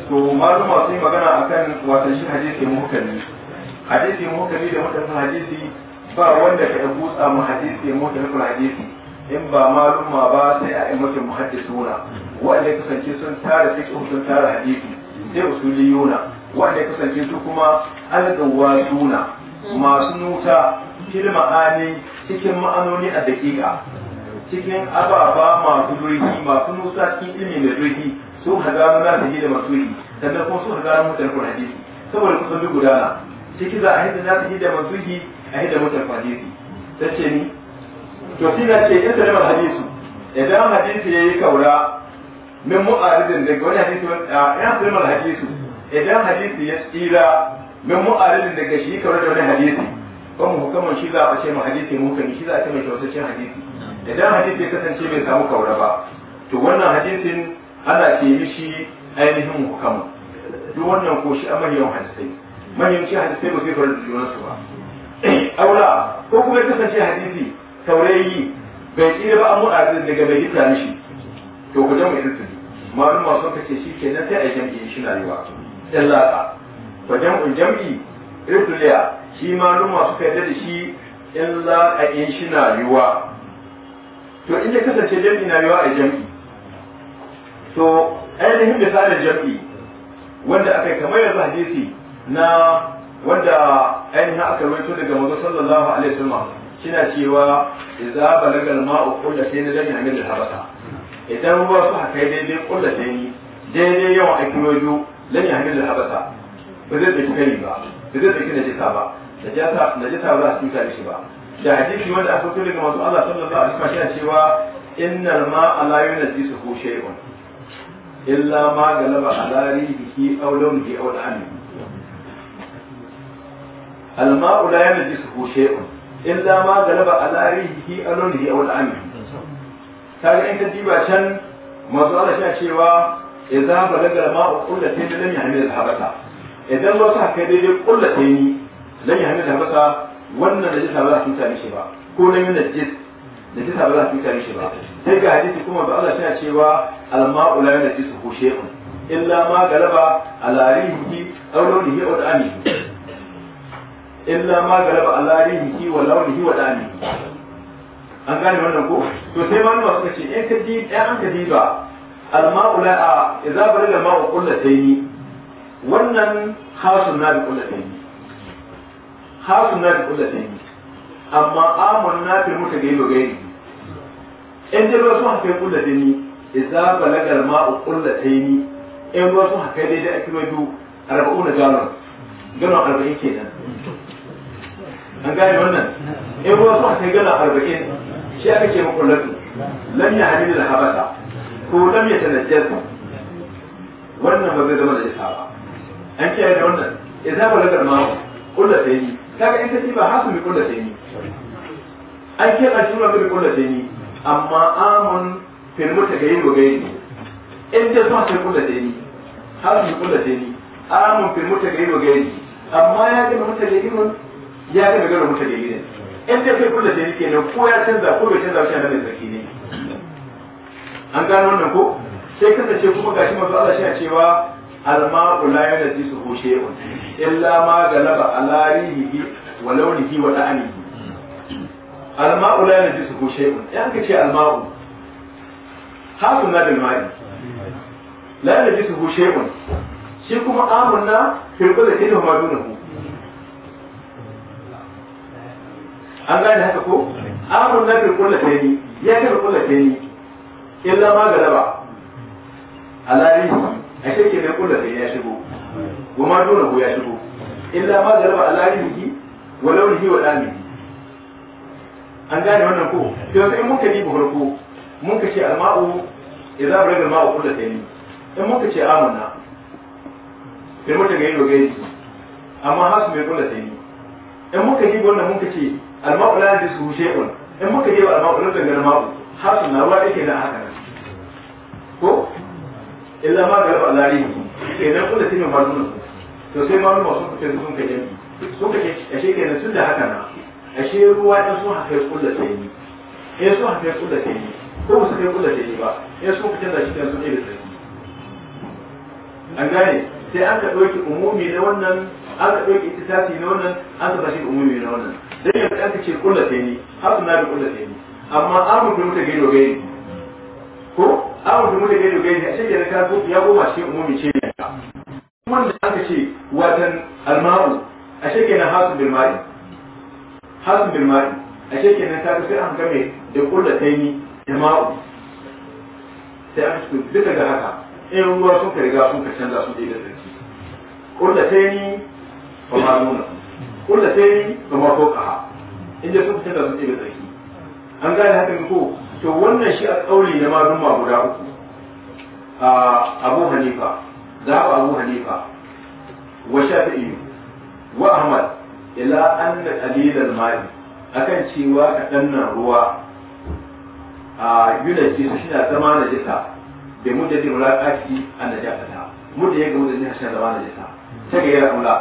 B: to malum wasu yi magana kan wata shi hadisi muhkami hadisi muhkami da mutafi hadisi ba wanda ka yi gutsa mu hadisi muhkami hadisi in ba maluma ba sai a imatin muhaddisuna wanda kasance sun tara fiqh sun tara hadisi sai usuliyuna wanda kasance su kuma suna masu nuta fil ma'ani cikin ma'anoni a daƙiƙa cikin ababa masu zurfi masu nusa cikin ilimi da zurfi sun haga gano na sahi da maturi sannan kuma sun haga gano mutan kun hadisi saboda kusan bi gudana ciki za a hidda na sahi da maturi a hidda mutan kun hadisi ta ce ni to shi na ce in salamar hadisu idan hadisi ya yi kaura min mu'aridin daga wani hadisi ya salamar hadisu idan hadisi ya tsira min mu'aridin daga shi kaura da wani hadisi kuma hukumar shi za a ce mu hadisi mukan shi za a ce mai kyautaccen hadisi idan hadisi ya kasance bai samu kaura ba to wannan hadisin ana ce mishi ainihin hukama duk wannan ko shi a manyan hadisai mahiyanci hadisai ba sai fara da su ba aula ko kuma kasance hadisi taurayi bai tsira ba a mu'adin daga bai gita mishi to ku jama'a irin tuni malum son kace shi kenan sai a jam'i shi na riwa dan laka fa jam'un jam'i irtuliya shi malum suka yarda da shi illa a in shi na riwa to in ya kasance jam'i na riwa a jam'i to ainihin misalin jam'i wanda aka kamar yanzu hadisi na wanda ainihin aka rawaito daga manzo sallallahu alaihi wasallam kina cewa idza balaga al-ma'u qullatayn lam ya'mil habata idan ruwa su haka daidai qullatayn daidai yawan akiloju lam ya'mil habata ba zai tsaki kai ba ba zai tsaki najisa ba najasa najisa ba za su tsaki shi ba da hadisi wanda aka rawaito daga manzo Allah sallallahu alaihi wasallam kina cewa innal ma'a la yunajjisuhu shay'un illa ma galaba ala rihihi aw lawnihi aw al'ami الماء لا ينجسه شيء إلا ما غلب على ريحه أو لونه أو العمل kaga in ka diba can masu ala sha cewa idza balaga ma qullati lam yahmil habata idan ba sa kai daidai qullati ni lam yahmil habata wannan da jisa ba za ta mutane shi ba ko lam najisa ba za su cuta shi ba sai ga hadisi kuma ba Allah yana cewa al-ma'u la yanjisu shay'un illa ma galaba ala rihi aw lawnihi aw da'anihi illa ma galaba ala rihi wa lawnihi wa da'anihi an gane wannan ko to sai ma ba suka ce in ka di ɗan an ka diba al-ma'u la idza balaga ma'u qullataini wannan hasun na bi qullataini hasun na bi qullataini amma amun na fi mutagayi gairi in dai ruwa sun haka kulla da ni idza balagal ma'u kulla tayni in ruwa sun haka dai da akilo du arba'una galon galon arba'in kenan an gane wannan in ruwa sun haka galon arba'in shi aka ce lafi lam ya hadin da habata ko lam ya tanajjasa wannan ba zai zama da isa ba an kiyaye da wannan idza balagal ma'u kulla tayni kaga in ka ci ba hasu mi kulla tayni an kiyaye shura mi kulla tayni amma amun fil mutagayin wa gairi in da zuwa sai da ni har su kula da ni amun fil mutagayin wa gairi amma ya ga mun ya ga ga ne in da sai kula da ni kenan ko ya canza ko bai canza shi nan da ne an gano wannan ko sai ce kuma gashi masu Allah shi a cewa alma'u la yadda su hushe'un illa ma galaba ala rihihi wa launihi wa da'anihi alma'u la yajisu ko shay'un ya ka ce alma'u hasun na bil ma'i la yajisu ko shay'un shi kuma amun na firqul da ma dunahu an gane haka ko amun na firqul da ni ya ka firqul da ni illa ma galaba ala rihi a shekke ne kullu da ya shigo wa ma dunahu ya shigo illa ma galaba ala rihi wa lawnihi wa damihi an gane wannan ko to yanzu in muka diba farko mun ka ce alma'u idza balaga alma'u kullu tayni in muka ce amanna sai mutum ya yi dogayi amma hasu mai kullu tayni in muka diba wannan mun ka ce alma'u la yadisu shay'un in muka diba alma'u la dangana ma'u hasu na ruwa yake na haka ko illa ma galaba sai kenan kullu tayni marzunan to sai ma mun masu kace sun ka kace sun ka kace a kenan sun da haka na ashe ruwa in sun haka ya kulla sanyi in sun haka ya kulla sanyi ko ba su kai kulla sanyi ba in sun fitar da shi kan sun ɗaya sanyi an gane sai an ka ɗauki umumi na wannan an ka ɗauki ittifaqi na wannan an aka bashi umumi na wannan dan yanzu ka ce kulla sanyi har suna da kulla sanyi amma amu da muka gaido gaidi ko amu da muka gaido gaidi a cikin ka ya goma cikin umumi ce ne wanda aka ce watan alma'u a cikin hasu bil ma'i hasu bin ma'i a shekin nan kaga sai an game da kulla taimi da ma'u sai an su duka ga haka in ruwa sun ka riga sun ka canza su da sarki kulla taimi ba ma nuna kulla taimi ba ma ka inda sun canza su da sarki an gane haka ko to wannan shi a tsauri na ma guda uku a abu hanifa zaɓa abu hanifa wa shafi'i wa ahmad ila anna qalilal mali akan cewa kadan na ruwa a yulaci shi na zama na jisa da muddadin mulaƙaci an da mu da ya ga muddadin hashen zama na jisa ta ga yara amla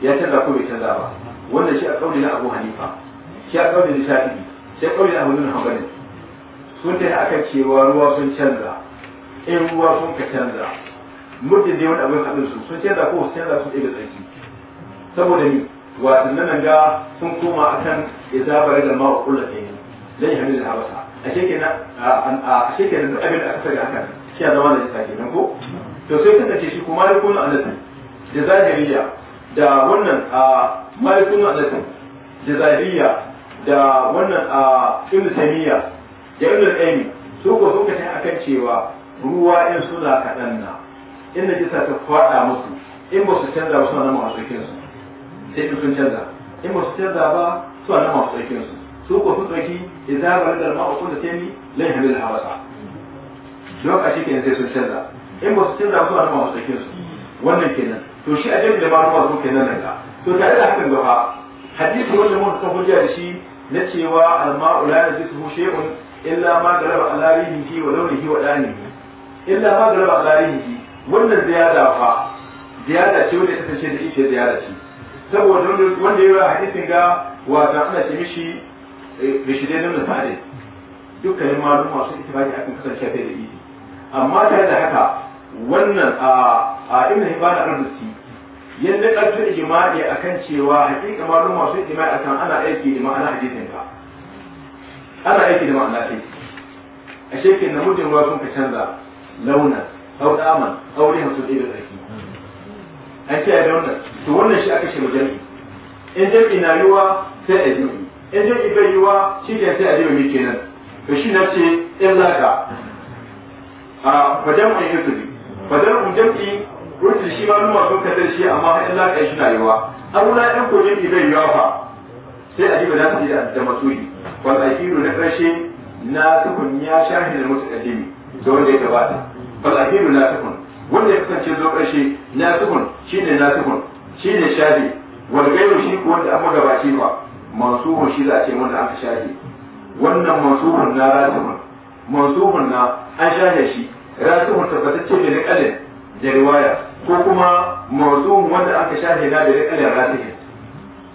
B: ya canza ko bai canza ba wanda shi a kauli na abu hanifa shi a kauli na shafi'i sai kauli na abu nuna hanbalin sun ta aka cewa ruwa sun canza in ruwa sun ka canza muddin dai wani abin haɗin su sun canza ko su canza sun ɗaya tsarki saboda ni wato nan ga sun koma akan ya izabar da ma'a kullu ɗaya zai hannu da habasa a shekenan a shekenan duk abin da aka saka hakan shi a zama da ita kenan ko to sai kan ce shi ko malikun anasin da zahiriya da wannan a malikun anasin da zahiriya da wannan a ibn taymiya da ibn al-aymi su ko suka ce akan cewa ruwa in suna kaɗan na in najisa ta faɗa musu in ba su canza suna na mu'azzakin su sai sun canza in ba su canza ba su wannan masu tsarkin su su ko sun tsarki idan ba da ma'a kun da ni lan hamil hawasa don a kenan sai sun canza in ba su canza su wannan masu tsarkin su wannan kenan to shi a jami'in da ba ruwa su kenan nan ka to tare da hakan gaba hadisi wanda mun kan hujja da shi na cewa al-ma'u la yajidu shay'un illa ma galaba ala rihihi wa lawnihi wa danihi illa ma galaba ala rihihi wannan ziyada fa ziyada ce wanda ta kasance da ita ziyada ce saboda wanda ya rawa hadisin ga wata ana ce mishi rishidai eh, da mutane dukkanin malum masu ittifaqi akan kasance da idi amma tare da haka wannan a a ibn hibban ar-rusi yanda karfi a kan cewa hakika malum masu ijma'i akan ana aiki da ma'ana hadisin ka ana aiki da ma'ana sai a shekin namijin ruwa sun ka canza launan aw daman aw rihan sun ibi an kiyaye da wannan to wannan shi aka ce mu jami'i in jami'i na yiwa sai a jami'i in jami'i bai yiwa shi ke sai a jami'i kenan to shi na ce in laka a fadan mai yusuri fadan mu jami'i rutul shi ma numa sun kasar shi amma in laka shi na yiwa an wula in ko jami'i bai yiwa fa sai a jami'i za su yi da masuli wanda akiru na ƙarshe na tukun ya shahin da mutu ƙaddimi da wanda ya gabata wanda akiru na tukun wanda ya kasance zo ƙarshe nasihun shine nasihun shine shafi wal gairu shi ko wanda amma gabaci ba mansuhun shi za a ce wanda aka shafi wannan mansuhun na rasihun mansuhun na an shafe shi rasihun tabbatacce da riƙalin da riwaya ko kuma mansuhun wanda aka shafi na da riƙalin rasihin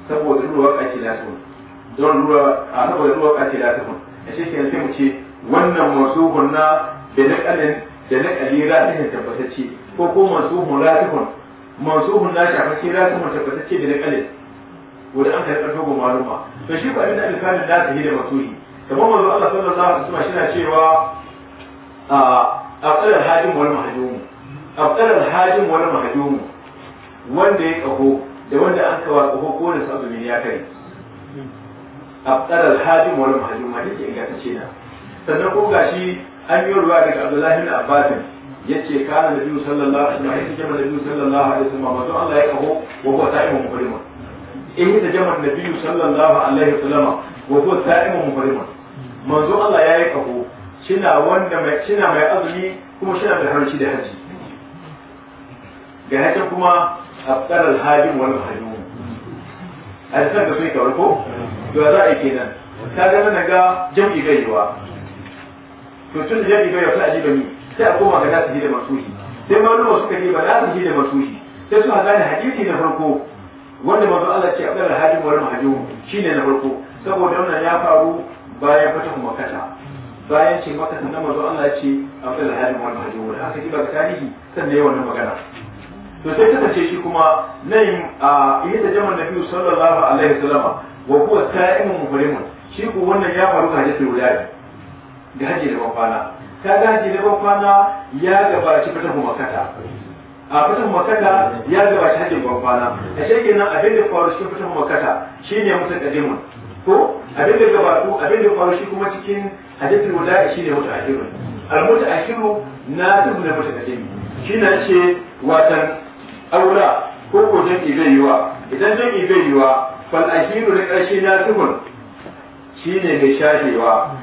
B: saboda ruwa ƙaci nasihun don ruwa a saboda ruwa ƙaci nasihun a shi ke sai mu ce wannan mansuhun na da riƙalin da na kali ratihin tabbatacce ko ko mansuhun ratihun mansuhun na shafa shafacce ratihun tabbatacce da na kalin wanda an karɓar dogon maluma to shi ko abin da alkalin da ta yi da masuhi kamar manzo Allah sallallahu alaihi wasallam yana cewa a afdal al-hajim wal mahjum afdal al-hajim wal mahjum wanda ya kaho da wanda an kawa kaho ko da sabu ne ya kai afdal al-hajim wal mahjum hadisi ingantacce na sannan ko gashi an yi ruwa daga abdullahi bin abbasin ya ce kana biyu sallallahu alaihi wasallam yake biyu sallallahu alaihi wasallam manzo Allah ya kaho wa huwa sa'imun muqrimun in da jama'a biyu sallallahu alaihi wasallam wa huwa sa'imun muqrimun manzo Allah ya yi kaho shina wanda mai shina mai azumi kuma shina da harci da haji ga haka kuma afkar al-hajim wal mahjum a san da sai ka ko to za a kenan ta ga na ga jami'i gaiwa to tun da jadi bai wata ajiba ni sai a koma ga nasu da masuhi sai ma wani suka ce ba nasu da masuhi sai su haɗa da hadisi na farko wanda manzo Allah ce abdal hajim wal shi ne na farko saboda wannan ya faru bayan kuma kata bayan ce maka sannan mazo Allah ce abdul hajim wal mahjum wanda aka kiba tarihi sannan yayin wannan magana to sai ta kasance shi kuma nayin a yi da jaman nabi sallallahu alaihi wasallama wa huwa ta'imun muhrimun shi ko wannan ya faru ga hadisi wulad da haji da kwana ta ga haji da kwana ya gabaci fatahu makata a fatahu makata ya gabaci hajjin kwana a shekin nan abin da faru cikin fatahu makata shine musa kadimun ko abin da gabatu abin da faru shi kuma cikin shi ne shine mutaakhirun al mutaakhiru ashiru na Shi na ce watan aura ko ko jami'i bai yiwa idan jami'i bai yiwa fal karshe na karshe shi shine mai shafewa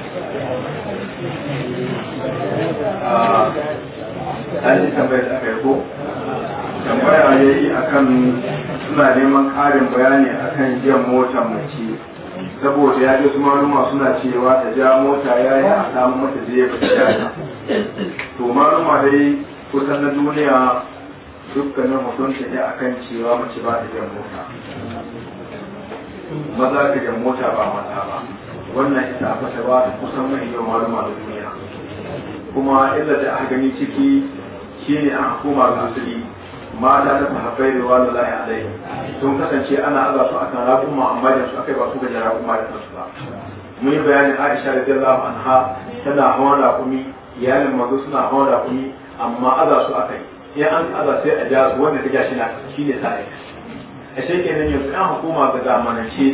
C: an yi tambayar da aka yi ko
B: tambaya ya yi akan suna neman ƙarin bayani akan jiyan motar mace saboda ya ji su maluma suna cewa ta ja mota ya yi a samu mata je ba ta to maluma dai kusan na duniya dukkanin hukunta ne kan cewa mace ba ta jan mota maza ka jan mota ba mata ba wannan ita a fata ba kusan mai yau maluma da duniya kuma illa da aka gani ciki shi ne aka koma ga asali ma da ta haɓai da wani lahi alai sun kasance ana aza su akan amma muhammadin su aka yi ba su gajen rakun ma da kansu ba mun yi bayanin aisha da zai anha tana hawan rakumi iyalin mazu suna hawan rakumi amma aza su aka yi in an aza sai a ja wanda ta ja shi na shi ne sa'i a nan yanzu an hukuma ga zamanance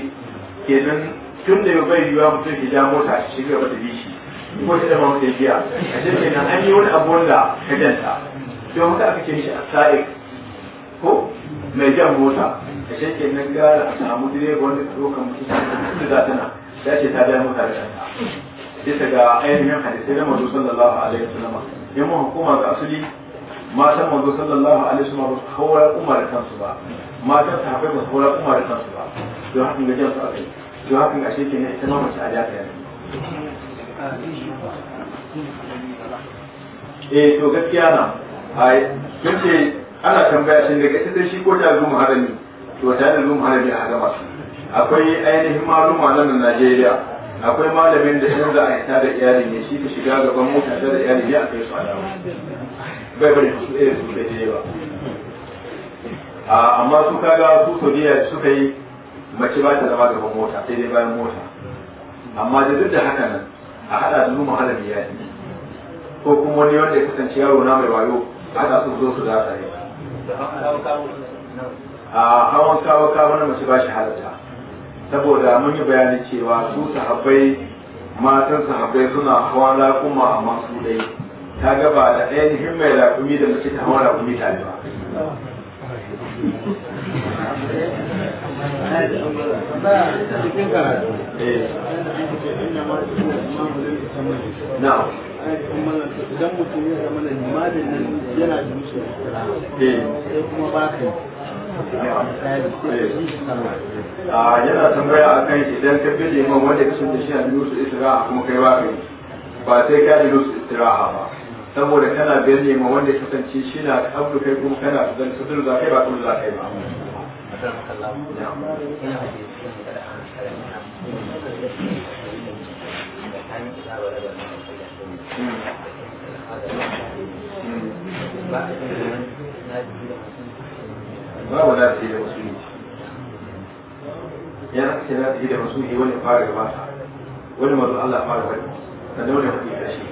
B: kenan tun da bai yiwuwa mutum ke ja mota shi ga wata bishi ko shi da mamta biya a nan an yi wani abuwan da ka janta don haka aka ce shi a sa'ik ko mai jan mota a shekin nan gara a samu direba wani ka ɗaukar mutum da za tana ya ce ta biya mota da shanta bisa ga ainihin hadisai na manzo sallallahu alaihi wasallam in mun hukuma ga asali matan manzo sallallahu alaihi wasallam ba su haura umar da kansu ba matan sahabbai ba su haura umar da kansu ba don haka ga jan su akai don haka ga shekin nan ita ma mace a jaka yanzu eh to gaskiya na ai sun ce ana tambaya shi daga ita shi ko ta zuwa harami to ta da zuwa harami a gama akwai ainihin maluma nan Najeriya akwai malamin da yanzu a ita da iyali ne shi ta shiga gaban mota ta da iyalin ya kai su a dawo bai bari su tsaye su da jewa amma su kaga su saudiya suka yi mace ba ta zama gaban mota sai dai bayan mota amma da duk da haka nan a hada da zuwa harami ya ko kuma wani wanda ya kasance yaro na mai wayo ana su zo su za ta yi a hawan kawo kawo na mace ba shi halatta
A: saboda mun yi bayani cewa su sahabbai
B: matan sahabbai suna hawan raƙuma amma su dai ta gaba da ainihin mai rakumi da mace ta hawan raƙumi ta ba eh. Na'am. idan mutum yana da eh. sai kuma ba ka eh.
C: a
B: ah, yana tambaya a kan idan ka fi liman wanda ka sun da shi a nusu kuma kai ba kai ba sai ka yi nusu istiraha ba saboda kana biyar neman wanda san kasance shi na abu kai kuma kana zan sutur za kai ba kuma za kai ba Thank babu ba wa lafi da wasu ne ya rasu lafi da wasu ne wani fara ba wani mazu Allah fara faɗi sannan wani faɗi da shi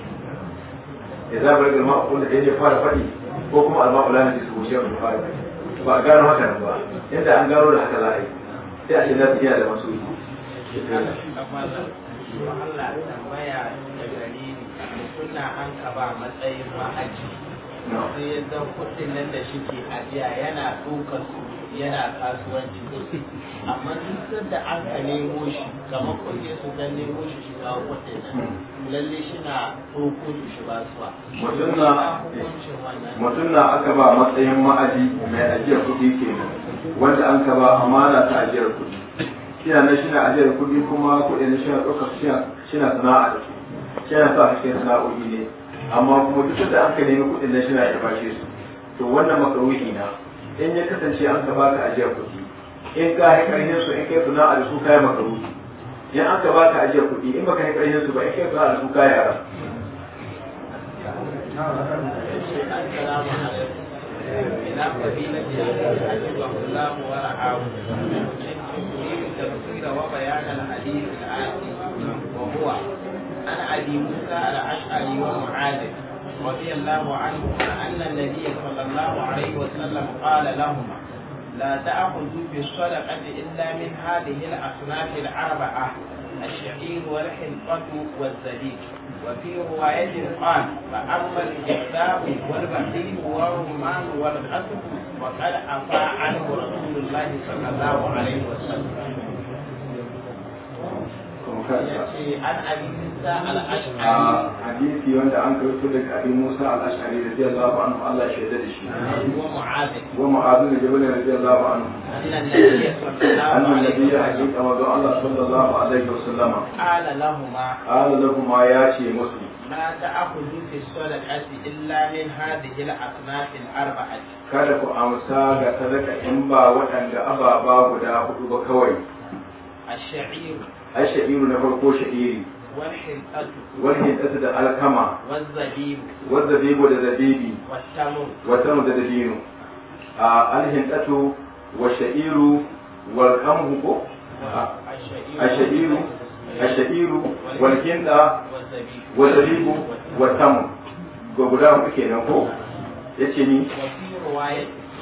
B: ya za bar girma a kunda ɗaya fara faɗi ko kuma alma'u lana su wuce wani fara faɗi ba a gano haka nan ba yadda an gano da haka za a yi sai a ce lafi da wasu ne
A: suna an ka ba matsayin ma'aji sai yadda kudin nan da shi ke ajiya yana ɗaukar su yana kasuwanci amma duk da an ka nemo shi kamar kuɗi su dan nemo shi shi kawo kudin nan hmm. lalle shi na ɗauko shi shi ba su ba mutum na aka ba matsayin ma'aji mai
B: ajiyar kuɗi kenan wanda an ka ba amana ta ajiyar kuɗi shi na shi na ajiyar kuɗi kuma kuɗin shi na ɗaukar shi na sana'a da su yana sa cikin sana'o'i ne amma kuma duk da aka nemi kuɗin nan shina ya bashe su to wannan makaruhi na in ya kasance an ka baka ajiyar kuɗi in ka yi ƙarfin su in kai suna a su kayan makaruhi in an ka baka ajiyar kuɗi in baka yi ƙarfin su ba in kai suna da su kayan yara
A: وبيان وهو عن ابي موسى الاشعري ومعاذ رضي الله عنهما ان النبي صلى الله عليه وسلم قال لهما لا تأخذوا بالصدقة إلا من هذه الأصناف الأربعة الشعير والحنطة والزبيب وفي رواية قال فأما الإحباب والبخيل والرمان والقتل وقد أطاع عنه رسول الله صلى الله عليه وسلم. عن أبي
B: a hadisi wanda an karɓo daga abin musa al-ashari da zai zaɓa anhu allah shaida da shi wa mu'azin da jabal da zai zaɓa anhu annan nabiya hakika wa don allah sallallahu alaihi wa sallama ala
A: lahuma ya ce musu ma ta'khudhu fi sadaqati illa min hadhihi al-asnaf al-arba'ah kada ku amsa ga sadaka in ba waɗanda ababa guda hudu ba kawai الشعير na farko شعيري
B: والحنطة da alkama والزبيب da zabibi والتمر da dabino alhintatu والشعير والقمه الشعير الشعير والكندا والزبيب والتمر guda ke nan ko ya ce ni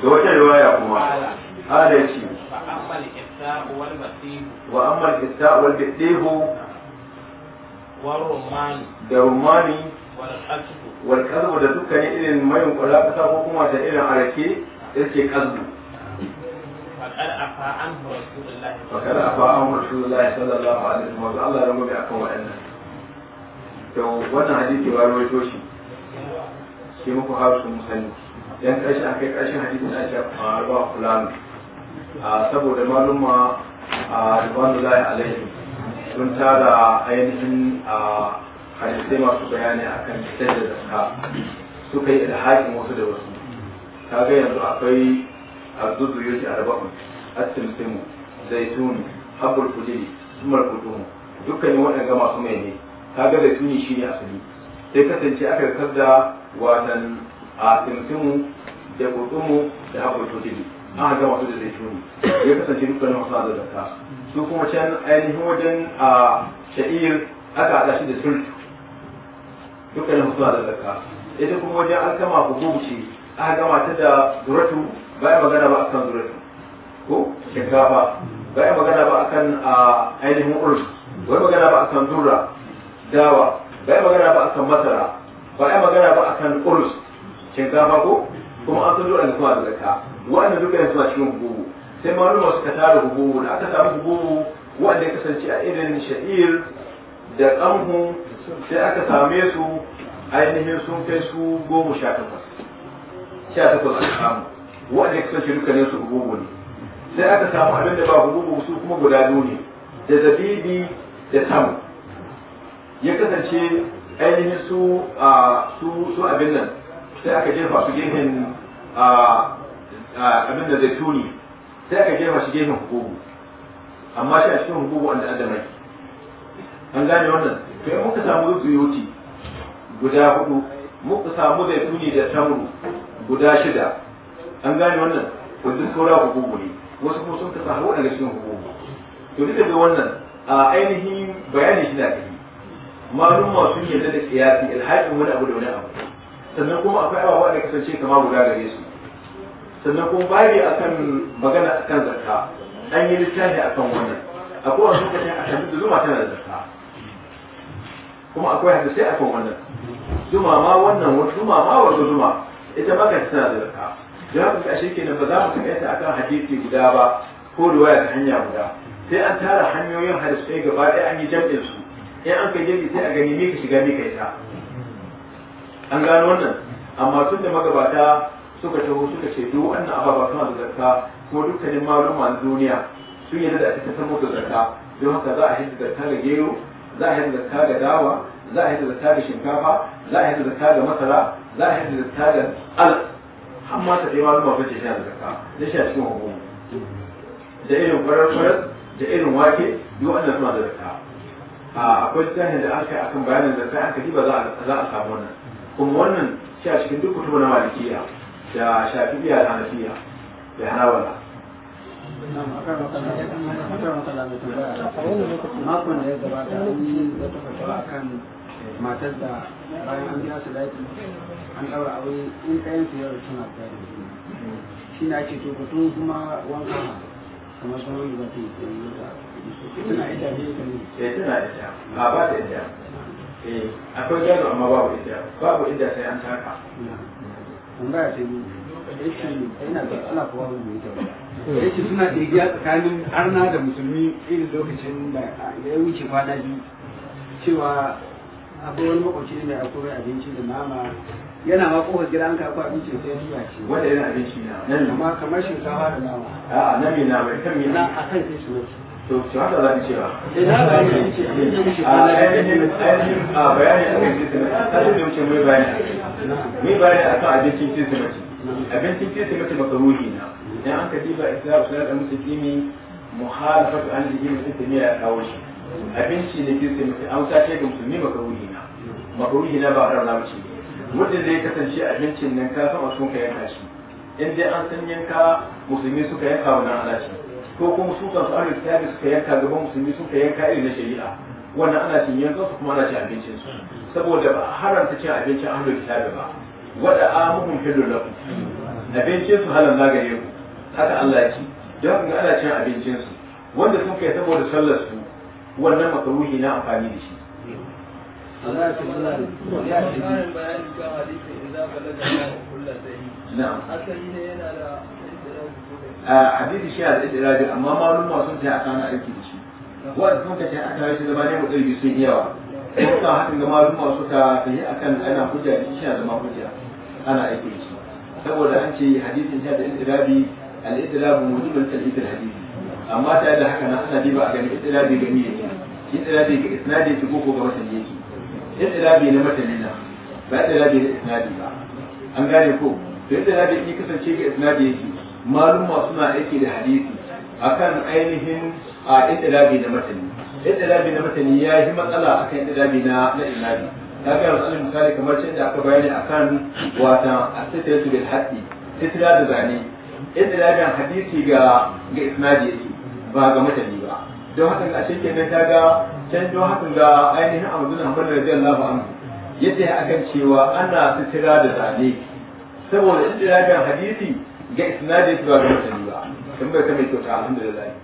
A: da wata riwaya kuma ala ya ce wa amma
B: al-ifta wal da rumani wal da dukkanin irin mayan kwala kasa ko kuma da irin arake yake kalbu
A: fakar afa
B: an rasulullahi sallallahu alaihi wa sallam Allah ya rubuta akan wa'annan
A: to wannan
B: hadisi ba rawaito shi shi muku hausu musani dan kashi akai kashin hadisin da a faruwa fulani saboda maluma a rubanullahi alaihi sun tara ainihin a hadisai masu bayani akan fitar da zaka suka yi ilhaƙin wasu da wasu ta ga yanzu akwai azuzu yuti arba'un at-timsimu zaitun habbul fujili sumar kudumu dukkanin waɗanda masu mai ne ta ga zaituni shi ne asali sai kasance aka da watan a timsimu da kudumu da habbul fujili an haka masu da zaituni ya kasance dukkanin wasu da zakka su kuma can ainihin wajen a sha'ir aka haɗa shi da sulhu dukkanin suna da zarka ita kuma wajen an kama hukumu ce aka gama ta da duratu bayan magana ba akan duratu ko shinkafa bayan magana ba akan ainihin urus wani magana ba akan durra dawa bayan magana ba akan masara bayan magana ba akan urus shinkafa ko kuma an san dole suna da zakka wa'annan dukkanin suna cikin hukumu sai maluma suka tara hububu da aka samu hububu wanda ya kasance a irin sha'ir da kanhu sai aka same su ainihin sun kai su goma sha takwas sha takwas aka samu wanda ya kasance dukkanin su hububu ne sai aka samu abin da ba hububu su kuma guda biyu ne da zabibi da tamu ya kasance ainihin su a su su abin nan sai aka jefa su gehen a abin da tuni sai aka jefa shi gefen hukubu amma shi a cikin hukuku wanda adamai an gane wannan to in muka samu zuyoti guda hudu muka samu da tuni da tamru guda shida an gane wannan wanda saura hukubu ne wasu kuma sun kasa har daga cikin hukubu to duk da wannan a ainihin bayanin shi na kai malum masu yadda da kiyasi alhaƙin wani abu da wani abu sannan kuma akwai abubuwa da kasance kamar guda gare su sannan kuma a akan magana akan zarka an yi littafi akan wannan akwai wasu kashe a kan zuma tana da zakka kuma akwai a akan wannan zuma ma wannan wata zuma ma wata zuma ita ma kanta tana da zakka da haka ashe kenan ba za mu a akan hadisi guda ba ko riwaya ta hanya guda sai an tara hanyoyin hadisai gaba ɗaya an yi jam'in su in an kai jam'i sai a gani me ka shiga me ka yi ta. an gano wannan amma tun da magabata suka taho suka ce duk wannan ababa suna da zakka kuma dukkanin maluma na duniya sun yarda da aka san musu zakka don haka za a hidda zakka ga gero za a hidda zakka ga dawa za a hidda zakka ga shinkafa za a hidda zakka ga masara za a hidda zakka ga al amma ta dai maluma ba ce shan zakka da shi a cikin hukumu da irin farar farar da irin wake duk wannan suna da zakka akwai tsarin da aka akan bayanin zakka aka ba za a samu wannan kuma wannan shi a cikin duk kutubu na malikiya da shafi'iya da hanafiya da hanabala
A: makon da ya gabata an yi wata fatawa akan eh, matar da bayan an biya su daji an ɗaura aure in ɗayan su yau suna da juna shi ne ake tokoto kuma wanka kamar sun wani zafi
B: tana ita ne ta ne eh, ita na ita a ba ta ita eh, akwai gado amma babu ita babu ita sai an taka tambaya ta biyu yake ina da Allah
A: kuwa wani mai kyau yake suna ɗiriya tsakanin arna da musulmi irin lokacin da ya wuce kwana biyu cewa akwai wani makwabci ne akwai abinci da nama yana ma kofar gida an karɓi abinci sai riba
B: ce wanda yana abinci na amma kamar shinkafa da nama a'a na mina nama, kan mina Na akan sai su to to haka za ni ce ba idan ba ni ce abin da muke kwana biyu a bayanin a bayanin a kan sai su ne sai da muke mai bayani mai bayani akan abincin kirsimeti abincin maka ruhi na idan an ka diba islam sunan da musu kimi muhalafatu an da jini sun tafiya ya kawo shi abinci ne kirsimeti an ta ce ga maka ruhi na maka ruhi na ba a rana mace wanda zai kasance abincin nan ka san a sun ka yanka shi in dai an san yanka musulmi suka yanka wannan ana ce ko kuma su kan su ahlul kitabi suka yanka gaban musulmi suka yanka irin na shari'a wannan ana cin yankan su kuma ana cin abincin su saboda ba haramta cin abincin ahlul kitabi ba wada amuhum fillu lakum abincin su halan na gare ku haka Allah ya ci don ga ana cin abincin su wanda sun kai saboda sallar su wannan makruhi na amfani da shi na'am a hadisi shi da idirabi amma malum ma sun ta akan aiki da shi wanda sun ka ta akan shi zama ne mu ɗari sun yawa suna haɗin da malu masu ta yi akan ana hujja da shi da ma hujja ana aiki shi saboda an ce hadisin ya da idrabi al-idrabu mujibul talib al-hadisi amma ta da haka na ana diba a gani idrabi gani yake idrabi ga isnadi su ko ga matan yake idrabi na matan na ba idrabi na isnadi ba an gane ko to idrabi in kasance ga isnadi yake malum masu na aiki da hadisi akan ainihin a idrabi na matan yadda labi na matani ya yi matsala a kan yadda labi na na ta ga wasu misali kamar cin da aka bayani a kan wata asitira su bil haɗi sitira da zane yadda labin hadisi ga ga isnadi yake ba ga matani ba don haka a shi kenan ta ga can don haka ga ainihin amadu da hamadu radiyallahu anhu yadda ya akan cewa ana sitira da zane saboda yadda labin hadisi ga isnadi ba ga matani ba kamar ta mai kyauta alhamdulillah